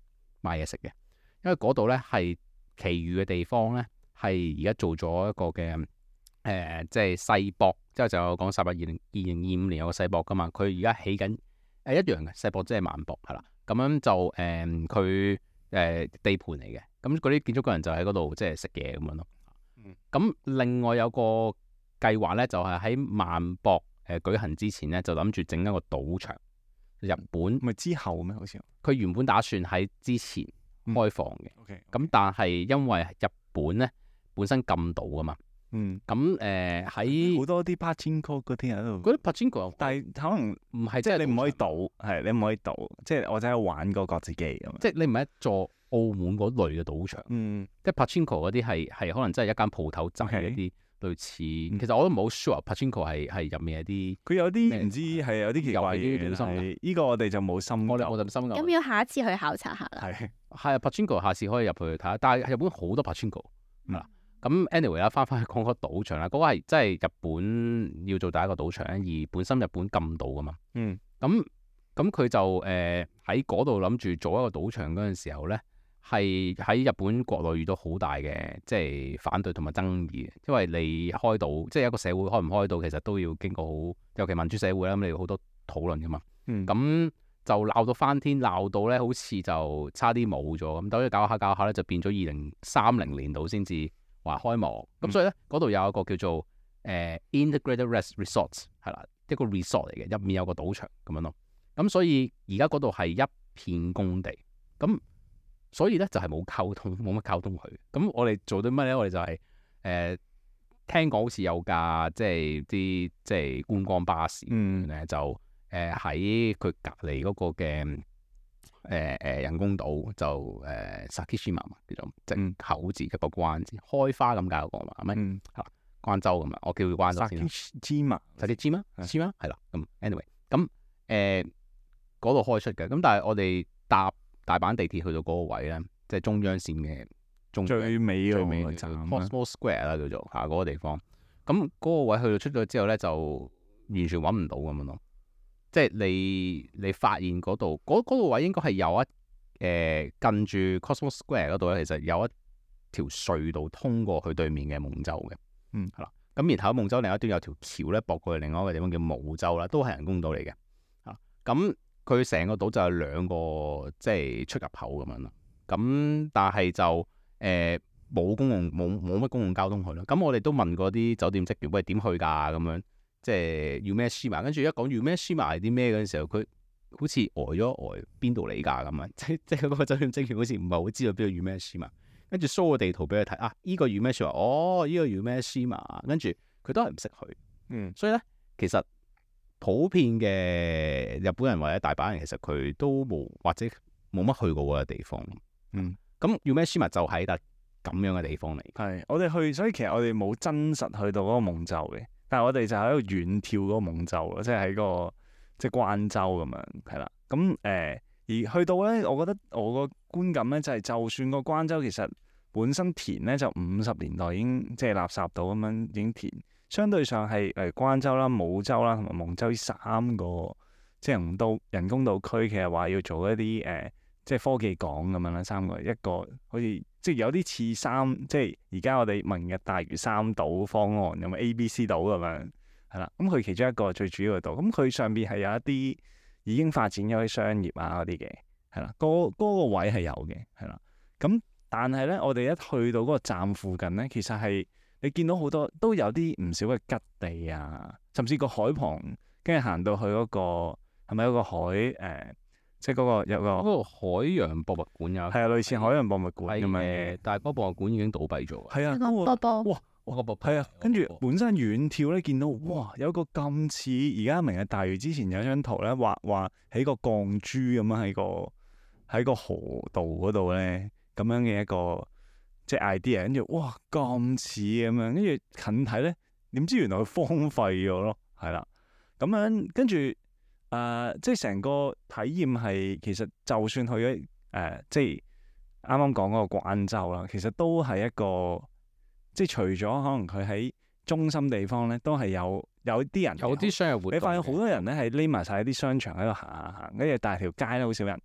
買嘢食嘅，因為嗰度呢係其餘嘅地方呢係而家做咗一個嘅誒、呃，即係世博，之後就講十八二零二零二五年有個世博噶嘛，佢而家起緊誒一樣嘅世博，即係萬博係啦，咁樣就誒佢誒地盤嚟嘅。咁嗰啲建築工人就喺嗰度即係食嘢咁樣咯。咁、嗯、另外有個計劃呢，就係喺萬博誒、呃、舉行之前呢，就諗住整一個賭場。日本咪之後咩？好似佢原本打算喺之前開放嘅。咁、嗯 okay, okay. 但係因為日本咧本身禁賭啊嘛。嗯。咁誒喺好多啲 pachinko 嗰啲喺度。嗰啲 pachinko，但係可能唔係即係你唔可以賭，係你唔可以賭。以賭就是嗯、即係我就喺玩嗰個角子機咁。即係你唔係一座澳門嗰類嘅賭場。嗯。即係 pachinko 嗰啲係係可能真係一間鋪頭執一啲。Okay. 類似，其實我都冇 sure，Pachinko 係係入面一啲，佢有啲唔麼知係有啲奇怪嘢，係呢、這個我哋就冇心我，我哋冇咁深。咁要下一次去考察下啦。係是，啊 Pachinko 下次可以入去睇下，但係日本好多 Pachinko 咁 anyway 啦，翻返去講個賭場啦，嗰、那個係真係日本要做第一個賭場，而本身日本禁賭噶嘛。嗯。咁咁佢就誒喺嗰度諗住做一個賭場嗰陣時候咧。係喺日本國內遇到好大嘅即係反對同埋爭議，因為你開賭，即、就、係、是、一個社會開唔開賭，其實都要經過好，尤其民主社會啦，咁你要好多討論㗎嘛。咁、嗯、就鬧到翻天，鬧到咧好似就差啲冇咗咁，等佢搞下搞下咧就變咗二零三零年度先至話開幕。咁、嗯、所以咧嗰度有一個叫做誒、呃、Integrated Resort res 係啦，一個 resort 嚟嘅，入面有個賭場咁樣咯。咁所以而家嗰度係一片工地咁。所以咧就係冇溝通，冇乜溝通佢。咁我哋做啲乜咧？我哋就係、是、誒、呃、聽講好似有架即係啲即係觀光巴士，嗯，咧就誒喺佢隔離嗰個嘅誒誒人工島，就誒 Sakishima 嘛叫做，即口字嘅個關字，開花咁解個嘛，係咪？係啦、嗯，關州咁嘛，我叫關州先啦。Sakishima，Sakishima？Sakishima？係、呃、啦。咁，anyway，咁誒嗰度開出嘅，咁但係我哋搭。大阪地鐵去到嗰個位咧，即係中央線嘅最尾嗰個站，Cosmo Square 啦叫做嚇嗰、那個地方。咁、那、嗰個位去到出咗之後咧，就完全揾唔到咁樣咯。即、就、係、是、你你發現嗰度，嗰嗰、那個、位應該係有一誒、呃、近住 Cosmo Square 嗰度咧，其實有一條隧道通過去對面嘅夢洲嘅。嗯，係啦。咁然後喺夢洲另一端有條橋咧，駁過去另外一個地方叫舞洲啦，都係人工島嚟嘅。嚇咁、啊。佢成個島就有兩個即係出入口咁樣啦，咁但係就誒冇、呃、公共冇冇乜公共交通去咯。咁我哋都問過啲酒店職員，喂點去㗎咁樣？即係 Yumeshima，跟住一講 Yumeshima 係啲咩嗰陣時候，佢好似呆咗呆，邊度嚟㗎咁樣？即即係嗰個酒店職員好似唔係好知道邊個 Yumeshima，跟住 show 個地圖俾佢睇啊，依、這個 Yumeshima，哦依、這個 Yumeshima，跟住佢都係唔識去，嗯，所以咧其實。普遍嘅日本人或者大阪人其實佢都冇或者冇乜去過嗰個地方，嗯，嗯，咁 Yumeshima 就喺笪咁樣嘅地方嚟。係，我哋去，所以其實我哋冇真實去到嗰個夢洲嘅，但係我哋就喺度遠眺嗰個夢洲咯，即係喺、個即係關州咁樣，係啦。咁、嗯、誒，而去到咧，我覺得我個觀感咧就係，就，是、就算個關州其實本身填咧就五十年代已經即係垃圾島咁樣，已經填。相對上係，誒咲洲啦、舞洲啦同埋夢洲呢三個即係唔到人工島區，其實話要做一啲誒、呃、即係科技港咁樣啦。三個一個好似即係有啲似三即係而家我哋明日大嶼三島方案，有冇 A、B、C 島咁樣係啦。咁佢其中一個最主要嘅島，咁、嗯、佢上邊係有一啲已經發展咗啲商業啊嗰啲嘅係啦，嗰個嗰、嗰個位係有嘅係啦。咁但係咧，我哋一去到嗰個站附近咧，其實係。你見到好多都有啲唔少嘅吉地啊，甚至個海旁，跟住行到去、那、嗰個係咪有個海？誒、呃，即係嗰個入嗰海洋博物館有，係啊，類似海洋博物館嘅，但係嗰博物館已經倒閉咗。係啊，波、那、波、個，哇，個博物啊。跟住哇本身遠眺咧，見到哇，哇有一個咁似而家明日大嶼，之前有張圖咧畫畫起個鋼珠咁樣喺個喺個，個，個河道嗰度咧，咁樣嘅一個。即 idea，跟住哇咁似咁樣，跟住近睇咧，點知原來佢荒廢咗咯，係啦，咁樣跟住誒，即係成個體驗係其實就算去咗誒、呃、即係啱啱講嗰個廣州啦，其實都係一個即係除咗可能佢喺中心地方咧，都係有有啲人，有啲商業活動，你發現好多人咧係匿埋晒啲商場喺度行行行，跟住但係條街咧好少人。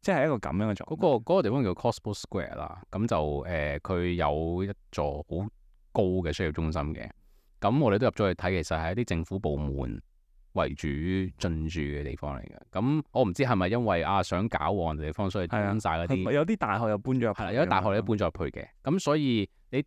即係一個咁樣嘅座，嗰、那個嗰、那個地方叫 Cosmos Square 啦。咁就誒，佢有一座好高嘅商業中心嘅。咁我哋都入咗去睇，其實係一啲政府部門為主進駐嘅地方嚟嘅。咁我唔知係咪因為啊想搞旺地方，所以搬曬啲。有啲大學又搬咗入去，有啲大學又搬咗入去嘅。咁、啊、所以你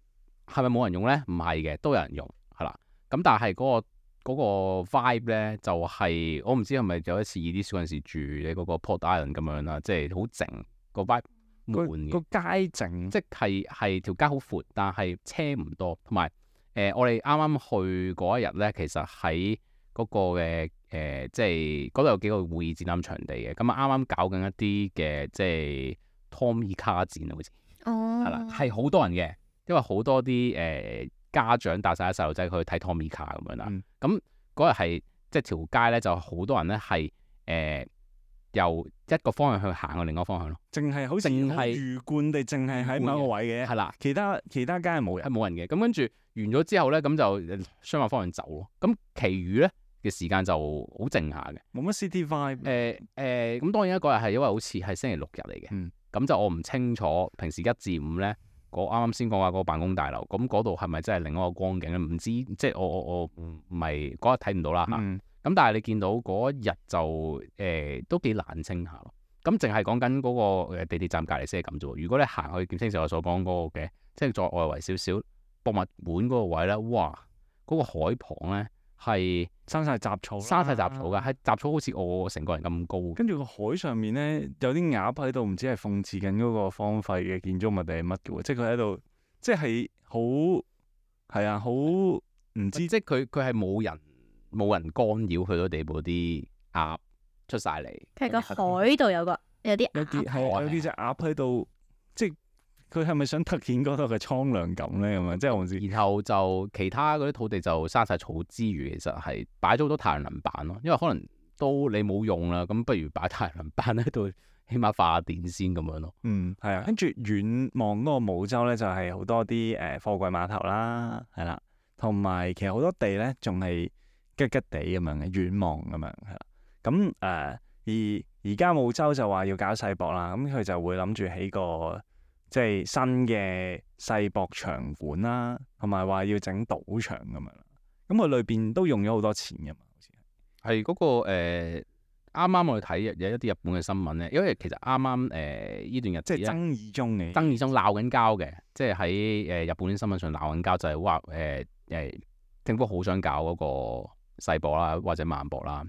係咪冇人用呢？唔係嘅，都有人用。係啦。咁但係嗰、那個。嗰個 vibe 咧，就係、是、我唔知係咪有一次二啲小陣時住你嗰個 Port Island 咁樣啦，即係好靜，個 vibe 悶嘅。個街靜，即係係條街好闊，但係車唔多。同埋誒，我哋啱啱去嗰一日咧，其實喺嗰個嘅誒、呃，即係嗰度有幾個會議展覽場地嘅。咁、嗯、啊，啱啱搞緊一啲嘅即係 Tommy 卡展啊，好似係啦，係好、oh. 多人嘅，因為好多啲誒。呃家長帶晒啲細路仔去睇 Tomica 咁樣啦，咁嗰日係即係條街咧就好多人咧係誒，由一個方向去行去另一個方向咯，淨係好似淨係魚貫地，淨係喺某個位嘅，係啦人，其他其他，其他街係冇人冇人嘅，咁跟住完咗之後咧，咁就相反方向走咯，咁其餘咧嘅時間就好靜下嘅，冇乜 city vibe 誒誒、呃，咁、呃、當然啦，嗰日係因為好似係星期六日嚟嘅，咁、嗯、就我唔清楚平時一至五咧。個啱啱先講下個辦公大樓，咁嗰度係咪真係另一個光景咧？唔知即係我我我唔係嗰日睇唔到啦嚇。咁、嗯啊、但係你見到嗰日就誒、呃、都幾冷清下咯。咁淨係講緊嗰個地鐵站隔離先係咁啫。如果你行去劍升時我所講嗰，嗰個嘅，okay, 即係再外圍少少博物館嗰個位咧，哇！嗰，嗰個海旁咧～係生係生晒雜草，生晒雜草㗎，係雜草好似我成個人咁高。跟住個海上面咧，有啲鴨喺度，唔知係諷刺緊嗰個荒廢嘅建築物定係乜嘅喎？即係佢喺度，即係好，係啊，好唔知。即係佢佢係冇人冇人干擾佢嗰地步，啲鴨出晒嚟。佢係、嗯、個海度有個有啲，有啲係有啲隻鴨喺度。佢係咪想突顯嗰度嘅蒼涼感咧？咁、就、啊、是，即係我唔知。然後就其他嗰啲土地就生晒草之餘，其實係擺咗好多太陽能板咯。因為可能都你冇用啦，咁不如擺太陽能板喺度，起碼化下電先咁樣咯。嗯，係啊。跟住遠望嗰個舞洲咧，就係、是、好多啲誒、呃、貨櫃碼頭啦，係啦，同埋其實好多地咧仲係吉吉地咁樣嘅遠望咁樣，係啦。咁、嗯、誒、呃、而而家夢洲就話要搞世博啦，咁、嗯、佢就會諗住起個。即係新嘅世博場館啦、啊，同埋話要整賭場咁樣，咁佢裏邊都用咗好多錢噶嘛，好似係。係嗰個誒，啱啱我哋睇有一啲日本嘅新聞咧，因為其實啱啱誒呢段日子即係爭議中嘅，爭議中鬧緊交嘅，即係喺誒日本新聞上鬧緊交，就係話誒誒，政府好想搞嗰個世博啦，或者萬博啦。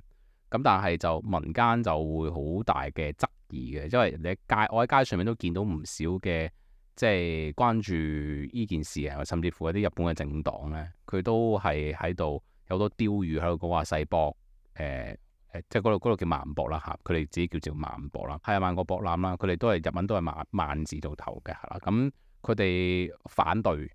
咁但係就民間就會好大嘅質疑嘅，因為你街，我喺街上面都見到唔少嘅即係關注呢件事嘅，甚至乎一啲日本嘅政黨咧，佢都係喺度有好多釣魚喺度講話世博，誒誒，即係嗰度嗰度叫萬博啦嚇，佢哋自己叫做萬博啦，係啊萬國博覽啦，佢哋都係日文都係萬萬字到頭嘅嚇啦，咁佢哋反對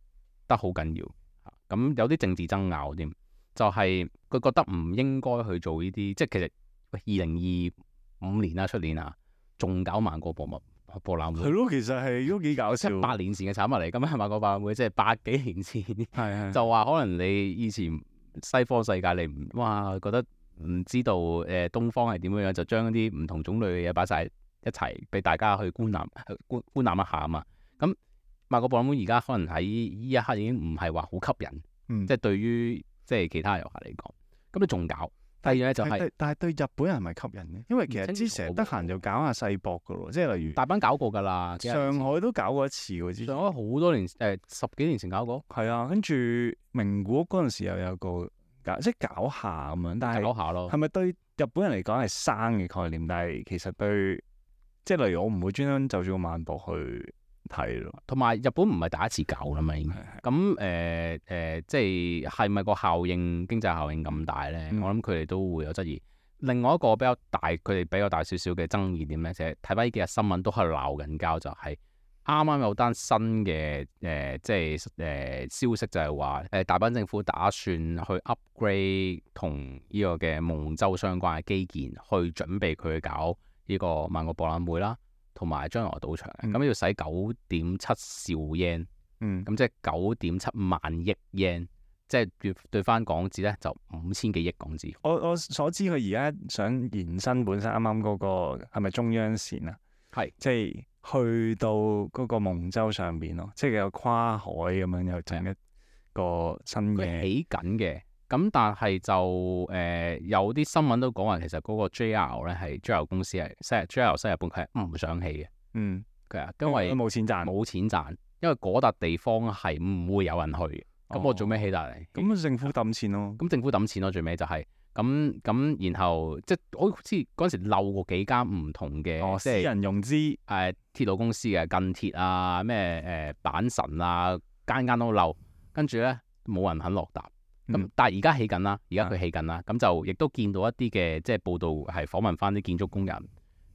得好緊要嚇，咁有啲政治爭拗添。就係佢覺得唔應該去做呢啲，即係其實二零二五年啦，出年啊，仲搞萬國博物博覽會。係咯，其實係都幾搞笑，八年前嘅產物嚟，咁啊萬國博覽會即係百幾年前，的就話可能你以前西方世界你唔哇覺得唔知道誒東方係點樣樣，就將啲唔同種類嘅嘢擺晒一齊俾大家去觀覽觀觀覽一下啊嘛。咁萬國博覽會而家可能喺呢一刻已經唔係話好吸引，嗯、即係對於。即係其他遊客嚟講，咁你仲搞？第二咧就係、是，但係對日本人係咪吸引咧？因為其實之前成日得閒就搞下世博噶喎，即係例如大阪搞過噶啦，上海都搞過一次 上海好多年誒、呃、十幾年前搞過，係啊，跟住名古屋嗰時又有個搞即係搞下咁樣，但係搞下咯。係咪對日本人嚟講係生嘅概念？但係其實對，即係例如我唔會專登就住個萬博去。係咯，同埋日本唔係第一次搞啦嘛，應該咁誒、誒，即係係咪個效應，經濟效應咁大呢？我諗佢哋都會有質疑。另外一個比較大，佢哋比較大少少嘅爭議點呢，即係睇翻呢幾日新聞都係鬧緊交，就係啱啱有單新嘅誒、呃，即係誒、呃、消息就係話誒，大阪政府打算去 upgrade 同呢個嘅夢洲相關嘅基建，去準備佢去搞呢個萬國博覽會啦。同埋將來賭場，咁、嗯、要使九點七兆 yen，咁、嗯、即係九點七萬億 yen，即係兌兌翻港紙咧就五千幾億港紙。我我所知佢而家想延伸本身啱啱嗰個係咪中央線啊？係，即係去到嗰個夢洲上邊咯，即係有跨海咁樣有整一個新嘅起緊嘅。咁、嗯、但係就誒、呃、有啲新聞都講話，其實嗰個 JR 咧係 JR 公司係西 JR 西日本佢係唔想起嘅，嗯，佢啊，因為冇錢賺，冇錢賺，因為嗰笪地方係唔會有人去，咁我做咩起大嚟？咁、哦、政府抌錢咯，咁政府抌錢，錢咯，最尾就係咁咁，然後即係好似嗰陣時漏過幾間唔同嘅，哦、是私人融資誒、呃、鐵路公司嘅近鐵啊，咩誒阪神啊，間間都漏，跟住咧冇人肯落答。咁、嗯、但係而家起緊啦，而家佢起緊啦，咁、啊、就亦都見到一啲嘅即係報道係訪問返啲建築工人，誒、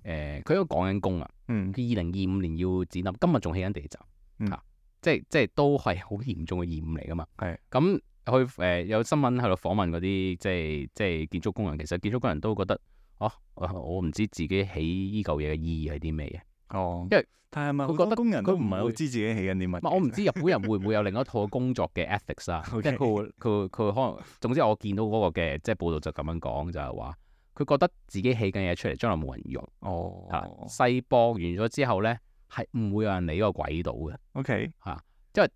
呃，佢都講緊工啊，佢二零二五年要展覽，今日仲起緊地基，嚇、嗯啊，即係即係都係好嚴重嘅二五嚟㗎嘛，係是，咁佢誒有新聞喺度訪問嗰啲即係即係建築工人，其實建築工人都覺得，啊，我唔知自己起依嚿嘢嘅意義係啲咩嘢。」哦，因為佢覺得工人佢唔係好知自己起緊啲乜，我唔知日本人會唔會有另一套工作嘅 ethics 啊？即係佢會佢佢可能總之我見到嗰個嘅即係報道就咁樣講就係話佢覺得自己起緊嘢出嚟，將來冇人用哦。啊，世博完咗之後咧，係唔會有人理嗰個軌道嘅，哦？OK 嚇，即係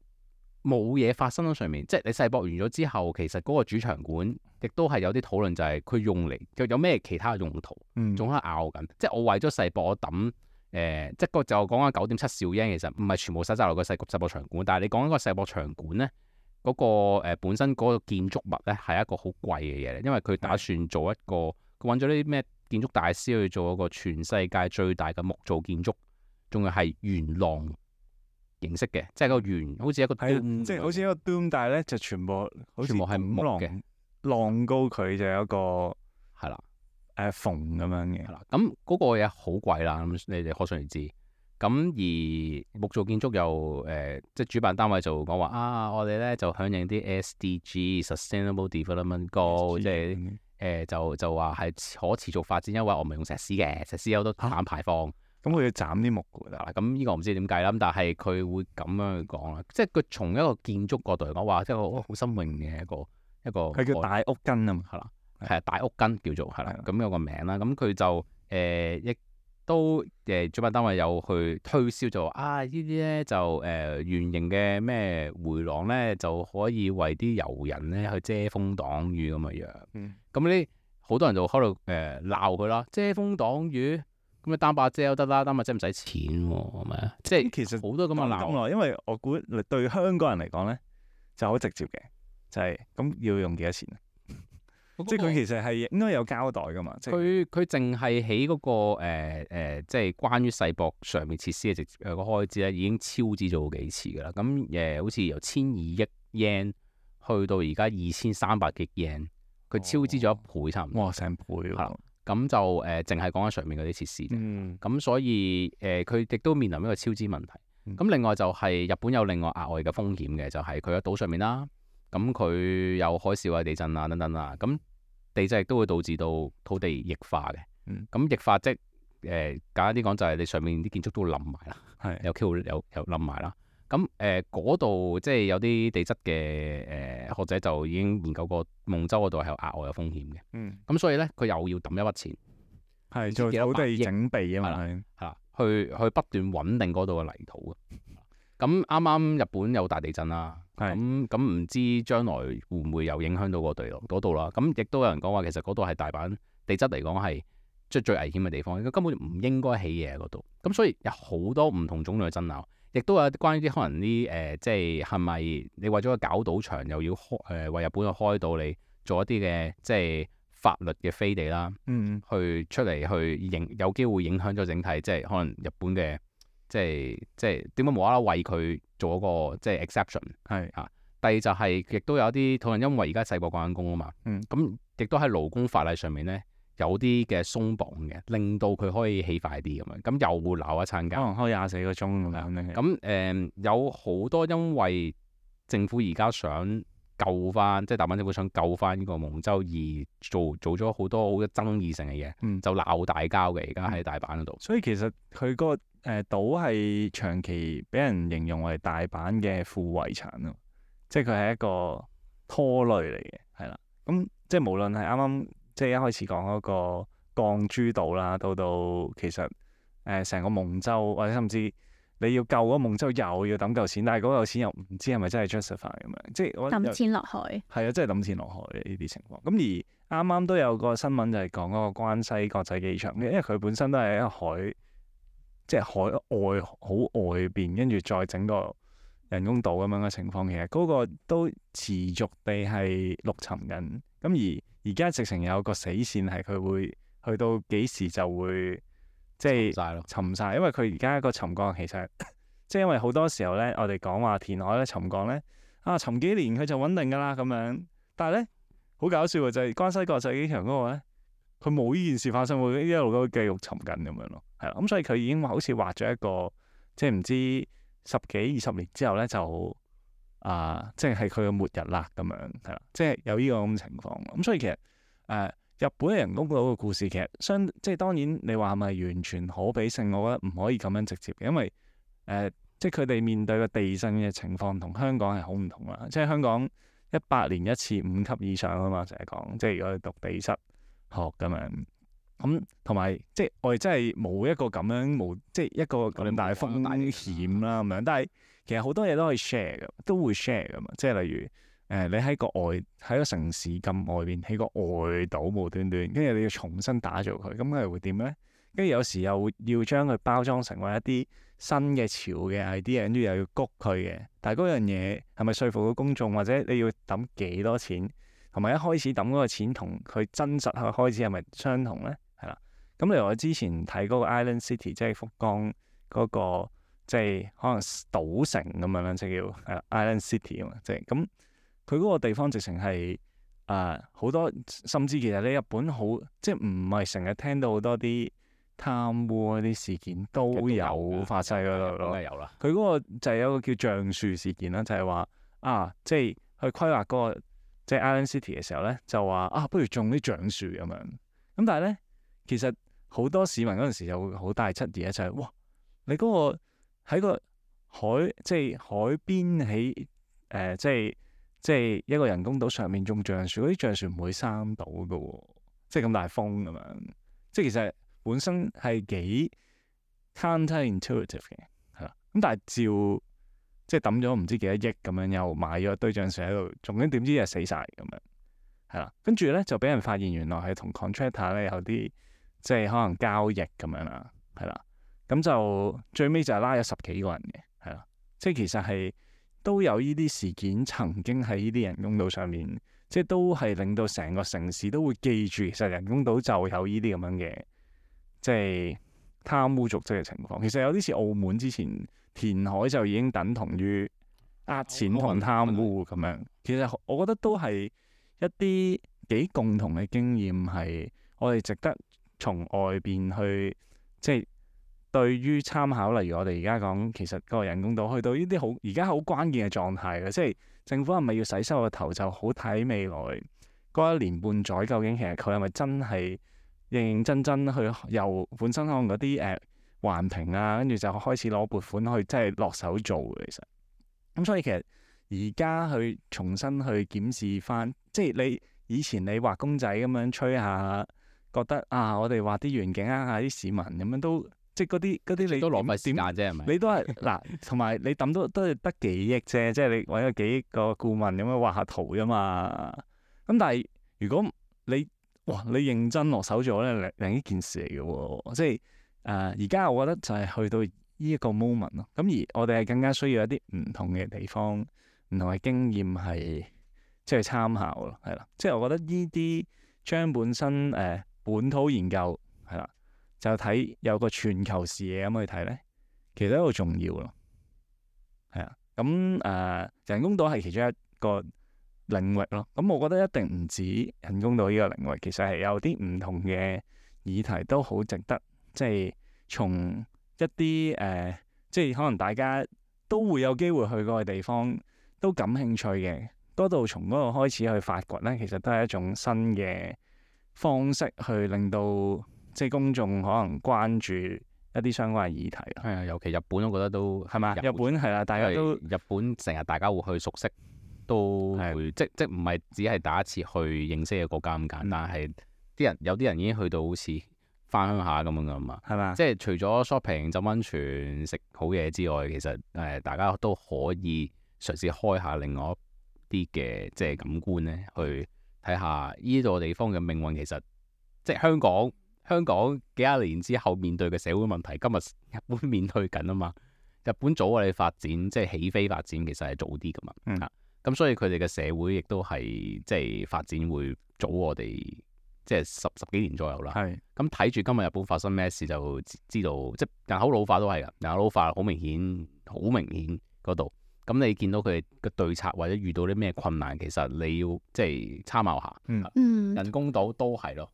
冇嘢發生喺上面，即係你世博完咗之後，其實嗰個主場館亦都係有啲討論，就係佢用嚟有有咩其他用途？仲喺拗緊，即係我為咗世博我抌。誒、呃，即係個就講緊九點七兆英，其實唔係全部塞晒落個世博場館，但係你講緊個世博場館咧，嗰、那個誒、呃、本身嗰個建築物咧係一個好貴嘅嘢，因為佢打算做一個，佢揾咗啲咩建築大師去做一個全世界最大嘅木造建築，仲要係圓浪形式嘅，即係個圓，好似一個 om，即係好似一個 dome，但係咧就全部好全部係木嘅，浪高佢就有一個係啦。誒縫咁樣嘅，咁嗰個嘢好貴啦。咁你哋可想而知。咁而木造建築又誒、呃，即係主辦單位就講話啊，我哋咧就響應啲 SDG Sustainable Development Goal，SD G. 即係誒、呃、就就話係可持續發展，因為我唔係用石屎嘅，石屎有得碳排放。咁佢、啊、要斬啲木㗎啦。咁呢、嗯這個唔知點解啦。咁但係佢會咁樣去講啦，即係佢從一個建築角度嚟講話，即係好新穎嘅一個一個。佢、哦、個叫大屋根啊嘛。係啊，大屋根叫做係啦，咁有個名啦。咁佢就誒亦、呃、都誒、呃，主辦單位有去推銷就啊，呢啲咧就誒圓形嘅咩回廊咧就可以為啲遊人咧去遮風擋雨咁嘅樣。咁呢好多人就喺度誒鬧佢啦，遮風擋雨咁啊，單把遮都得啦，單把遮唔使錢係咪啊？即係其實好多咁嘅鬧，因為我估對香港人嚟講咧就好直接嘅，就係、是、咁要用幾多錢即係佢其實係應該有交代噶嘛？佢佢淨係喺嗰個誒、呃呃、即係關於世博上面設施嘅直個、呃、開支咧，已經超支咗好幾次噶啦。咁誒，好、呃、似由千二億 yen 去到而家二千三百億 yen，佢超支咗一倍、哦、差唔多。哇！成倍啊！咁就誒，淨、呃、係講緊上面嗰啲設施。嘅、嗯。咁、嗯嗯、所以誒，佢亦都面臨一個超支問題。咁另外就係日本有另外額外嘅風險嘅，就係佢喺島上面啦。咁佢有海嘯啊、地震啊等等啦，咁、嗯、地質亦都會導致到土地液化嘅。咁液化即係誒，簡單啲講就係你上面啲建築都冧埋啦，有傾有有冧埋啦。咁誒嗰度即係有啲地質嘅誒學者就已經研究過，夢洲嗰度係有額外嘅風險嘅。咁所以咧，佢又要抌一筆錢，係做好地整備啊嘛，係啦，去去不斷穩定嗰度嘅泥土啊。咁啱啱日本有大地震啦。咁咁唔知將來會唔會又影響到嗰度嗰度啦？咁亦都有人講話，其實嗰度係大阪地質嚟講係即係最危險嘅地方，應該根本唔應該起嘢嗰度。咁所以有好多唔同種類嘅爭拗，亦都有關於啲可能啲誒、呃，即係係咪你為咗搞賭場，又要開誒、呃、為日本去開到你做一啲嘅即係法律嘅飛地啦？嗯、去出嚟去影有機會影響咗整體，即係可能日本嘅。即係即係點解冇啦啦為佢做一個即係 exception 係是啊？第二就係、是、亦都有啲工人因為而家世博過緊工啊嘛，咁、嗯、亦都喺勞工法例上面咧有啲嘅鬆綁嘅，令到佢可以起快啲咁樣，咁又會鬧一餐餃可能開廿四個鐘咁樣。咁、嗯、誒是、呃、有好多因為政府而家想。救翻，即係大阪政府想救翻呢個夢洲而做做咗好多好爭議性嘅嘢，嗯、就鬧大交嘅。而家喺大阪嗰度，嗯、所以其實佢、那個誒、呃、島係長期俾人形容為大阪嘅負遺產咯，即係佢係一個拖累嚟嘅，係啦。咁即係無論係啱啱即係一開始講嗰個鋼珠島啦，到到其實誒成、呃、個夢洲或者甚至。你要救嗰個夢洲又要抌嚿錢，但係嗰嚿錢又唔知係咪真係 justify 咁樣，即係我抌錢落海，係啊，真係抌錢落海呢啲情況。咁而啱啱都有個新聞就係講嗰個關西國際機場因為佢本身都係喺海，即係海外好外邊，跟住再整個人工島咁樣嘅情況。其實嗰個都持續地係陸沉緊。咁而而家直情有個死線係佢會去到幾時就會。即係沉曬咯，沉曬，因為佢而家個沉降其實， 即係因為好多時候咧，我哋講話填海咧，沉降咧，啊沉幾年佢就穩定㗎啦咁樣，但係咧好搞笑喎，就係、是、關西國際機場嗰個咧，佢冇呢件事發生，佢一路都繼續沉緊咁樣咯，係啦，咁、嗯、所以佢已經好似畫咗一個，即係唔知十幾二十年之後咧就啊，即係係佢嘅末日啦咁樣，係啦，即係有呢個咁嘅情況，咁、嗯、所以其實誒。呃日本嘅人工島嘅故事其實相即係當然，你話係咪完全可比性？我覺得唔可以咁樣直接，因為誒、呃，即係佢哋面對嘅地震嘅情況同香港係好唔同啦。即係香港一百年一次五級以上啊嘛，成日講。即係如果你讀地質學咁樣，咁同埋即係我哋真係冇一個咁樣冇即係一個咁大風險啦咁樣。但係其實好多嘢都可以 share 嘅，都會 share 噶嘛。即係例如。誒，你喺個外喺個城市咁外邊，喺個外島無端端，跟住你要重新打造佢，咁佢會點咧？跟住有時又要將佢包裝成為一啲新嘅潮嘅 idea，跟住又要谷佢嘅。但係嗰樣嘢係咪説服到公眾？或者你要抌幾多錢？同埋一開始抌嗰個錢同佢真實嘅開始係咪相同咧？係啦，咁例如我之前睇嗰個 Island City，那個就是就是，Island City，即係福岡嗰個即係可能島城咁樣啦，即叫係啦 Island City 啊嘛，即係咁。佢嗰個地方直情係誒好多，甚至其實你日本好，即係唔係成日聽到好多啲貪污嗰啲事件都有發生嗰度咯。梗係有啦。佢嗰個就係有一個叫橡樹事件啦，就係、是、話啊，即係去規劃嗰、那個即係 Island City 嘅時候咧，就話啊，不如種啲橡樹咁樣。咁但係咧，其實好多市民嗰陣時就會好大質疑就齊、係。哇！你嗰個喺個海，即係海邊喺誒、呃，即係。即係一個人工島上面種橡樹，嗰啲橡樹唔會生到嘅喎，即係咁大風咁樣，即係其實本身係幾 counterintuitive 嘅，係啦。咁但係照即係抌咗唔知幾多億咁樣，又買咗堆橡樹喺度，重點點知又死晒咁樣，係啦。跟住咧就俾人發現原來係同 contractor 咧有啲即係可能交易咁樣啦，係啦。咁就最尾就係拉咗十幾個人嘅，係啦。即係其實係。都有呢啲事件曾經喺呢啲人工島上面，即係都係令到成個城市都會記住，其實人工島就有呢啲咁樣嘅即係貪污瀆職嘅情況。其實有啲似澳門之前填海就已經等同於呃錢同貪污咁樣。其實我覺得都係一啲幾共同嘅經驗，係我哋值得從外邊去即係。對於參考，例如我哋而家講，其實個人工島去到呢啲好而家好關鍵嘅狀態嘅，即係政府係咪要洗收個頭，就好睇未來嗰一年半載究竟其實佢係咪真係認認真真去由本身可能嗰啲誒環評啊，跟住、啊、就開始攞撥款去即係落手做其實咁、嗯，所以其實而家去重新去檢視翻，即係你以前你畫公仔咁樣吹下，覺得啊，我哋畫啲園景啊，下啲市民咁樣都。即係嗰啲嗰啲你攞埋先，你都係嗱，同埋 你抌都都係得幾億啫，即係你揾個幾億個顧問咁樣畫下圖啫嘛。咁但係如果你哇，你認真落手咗咧，另另一件事嚟嘅喎。即係誒，而、呃、家我覺得就係去到呢一個 moment 咯。咁而我哋係更加需要一啲唔同嘅地方、唔同嘅經驗係即係參考咯，係啦。即係我覺得呢啲將本身誒、呃、本土研究係啦。就睇有個全球視野咁去睇咧，其實都好重要咯，係啊。咁誒、呃、人工島係其中一個領域咯。咁、嗯、我覺得一定唔止人工島呢個領域，其實係有啲唔同嘅議題都好值得，即、就、係、是、從一啲誒、呃，即係可能大家都會有機會去嗰個地方都感興趣嘅嗰度，從嗰度開始去發掘咧，其實都係一種新嘅方式去令到。即係公眾可能關注一啲相關嘅議題，係啊，尤其日本，我覺得都係嘛，日本係啊，大家都日本成日大家會去熟悉，都會的即即唔係只係第一次去認識嘅國家咁簡單，係啲人有啲人已經去到好似返鄉下咁樣噶嘛，係嘛吧？即係除咗 shopping、浸溫泉、食好嘢之外，其實誒、呃、大家都可以嘗試開下另外一啲嘅即係感官咧，去睇下依度地方嘅命運，其實即係香港。香港幾廿年之後面對嘅社會問題，今日日本面對緊啊嘛？日本早我哋發展，即係起飛發展，其實係早啲噶嘛？嗯，咁所以佢哋嘅社會亦都係即係發展會早我哋，即係十十幾年左右啦。係咁睇住今日日本發生咩事就知道，即係人口老化都係噶，人口老化好明顯，好明顯嗰度。咁你見到佢哋嘅對策或者遇到啲咩困難，其實你要即係參考下。嗯，人工島都係咯。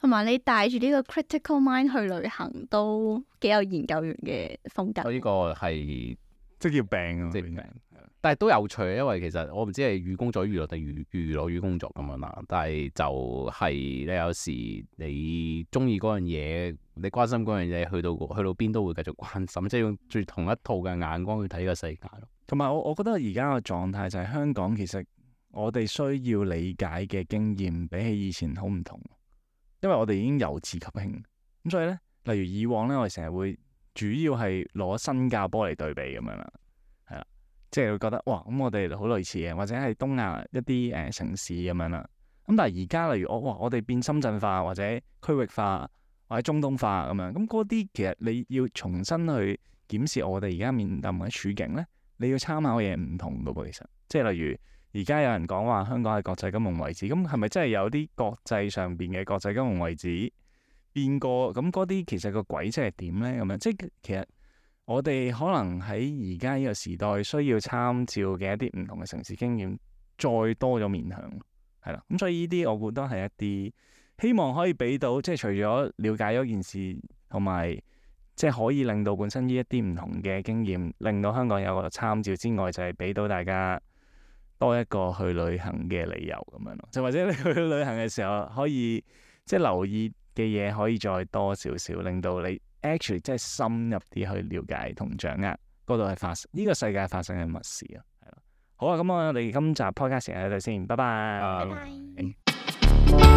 同埋你帶住呢個 critical mind 去旅行都幾有研究員嘅風格。呢個係職業病咯、啊，職業病、啊,但係都有趣，因為其實我唔知係寓工作於娛樂定娛娛樂於工作咁樣啦。但係就係你有時你中意嗰樣嘢，你關心嗰樣嘢，去到去到邊都會繼續關心，即係用住同一套嘅眼光去睇個世界咯。同埋我我覺得而家嘅狀態就係香港，其實我哋需要理解嘅經驗，比起以前好唔同。因為我哋已經由自及興，咁所以咧，例如以往咧，我哋成日會主要係攞新加坡嚟對比咁樣啦，係啦，即係會覺得哇，咁我哋好類似嘅，或者係東亞一啲誒、呃、城市咁樣啦。咁但係而家例如我哇，我哋變深圳化，或者區域化，或者中東化咁樣，咁嗰啲其實你要重新去檢視我哋而家面臨嘅處境咧，你要參考嘅嘢唔同嘅噃，其實即係例如。而家有人講話香港係國際金融位置，咁係咪真係有啲國際上邊嘅國際金融位置變過？咁嗰啲其實個軌跡係點呢？咁樣即其實我哋可能喺而家呢個時代需要參照嘅一啲唔同嘅城市經驗，再多咗面向係啦。咁所以呢啲我估都係一啲希望可以俾到，即係除咗了解咗件事，同埋即係可以令到本身呢一啲唔同嘅經驗令到香港有個參照之外，就係俾到大家，多一個去旅行嘅理由咁樣咯，就或者你去旅行嘅時候可以即係留意嘅嘢可以再多少少，令到你 actually 即係深入啲去了解同掌握嗰度係發生呢個世界發生緊乜事啊，係咯，好啊，咁我哋今集 podcast 喺度先，拜拜。Bye bye.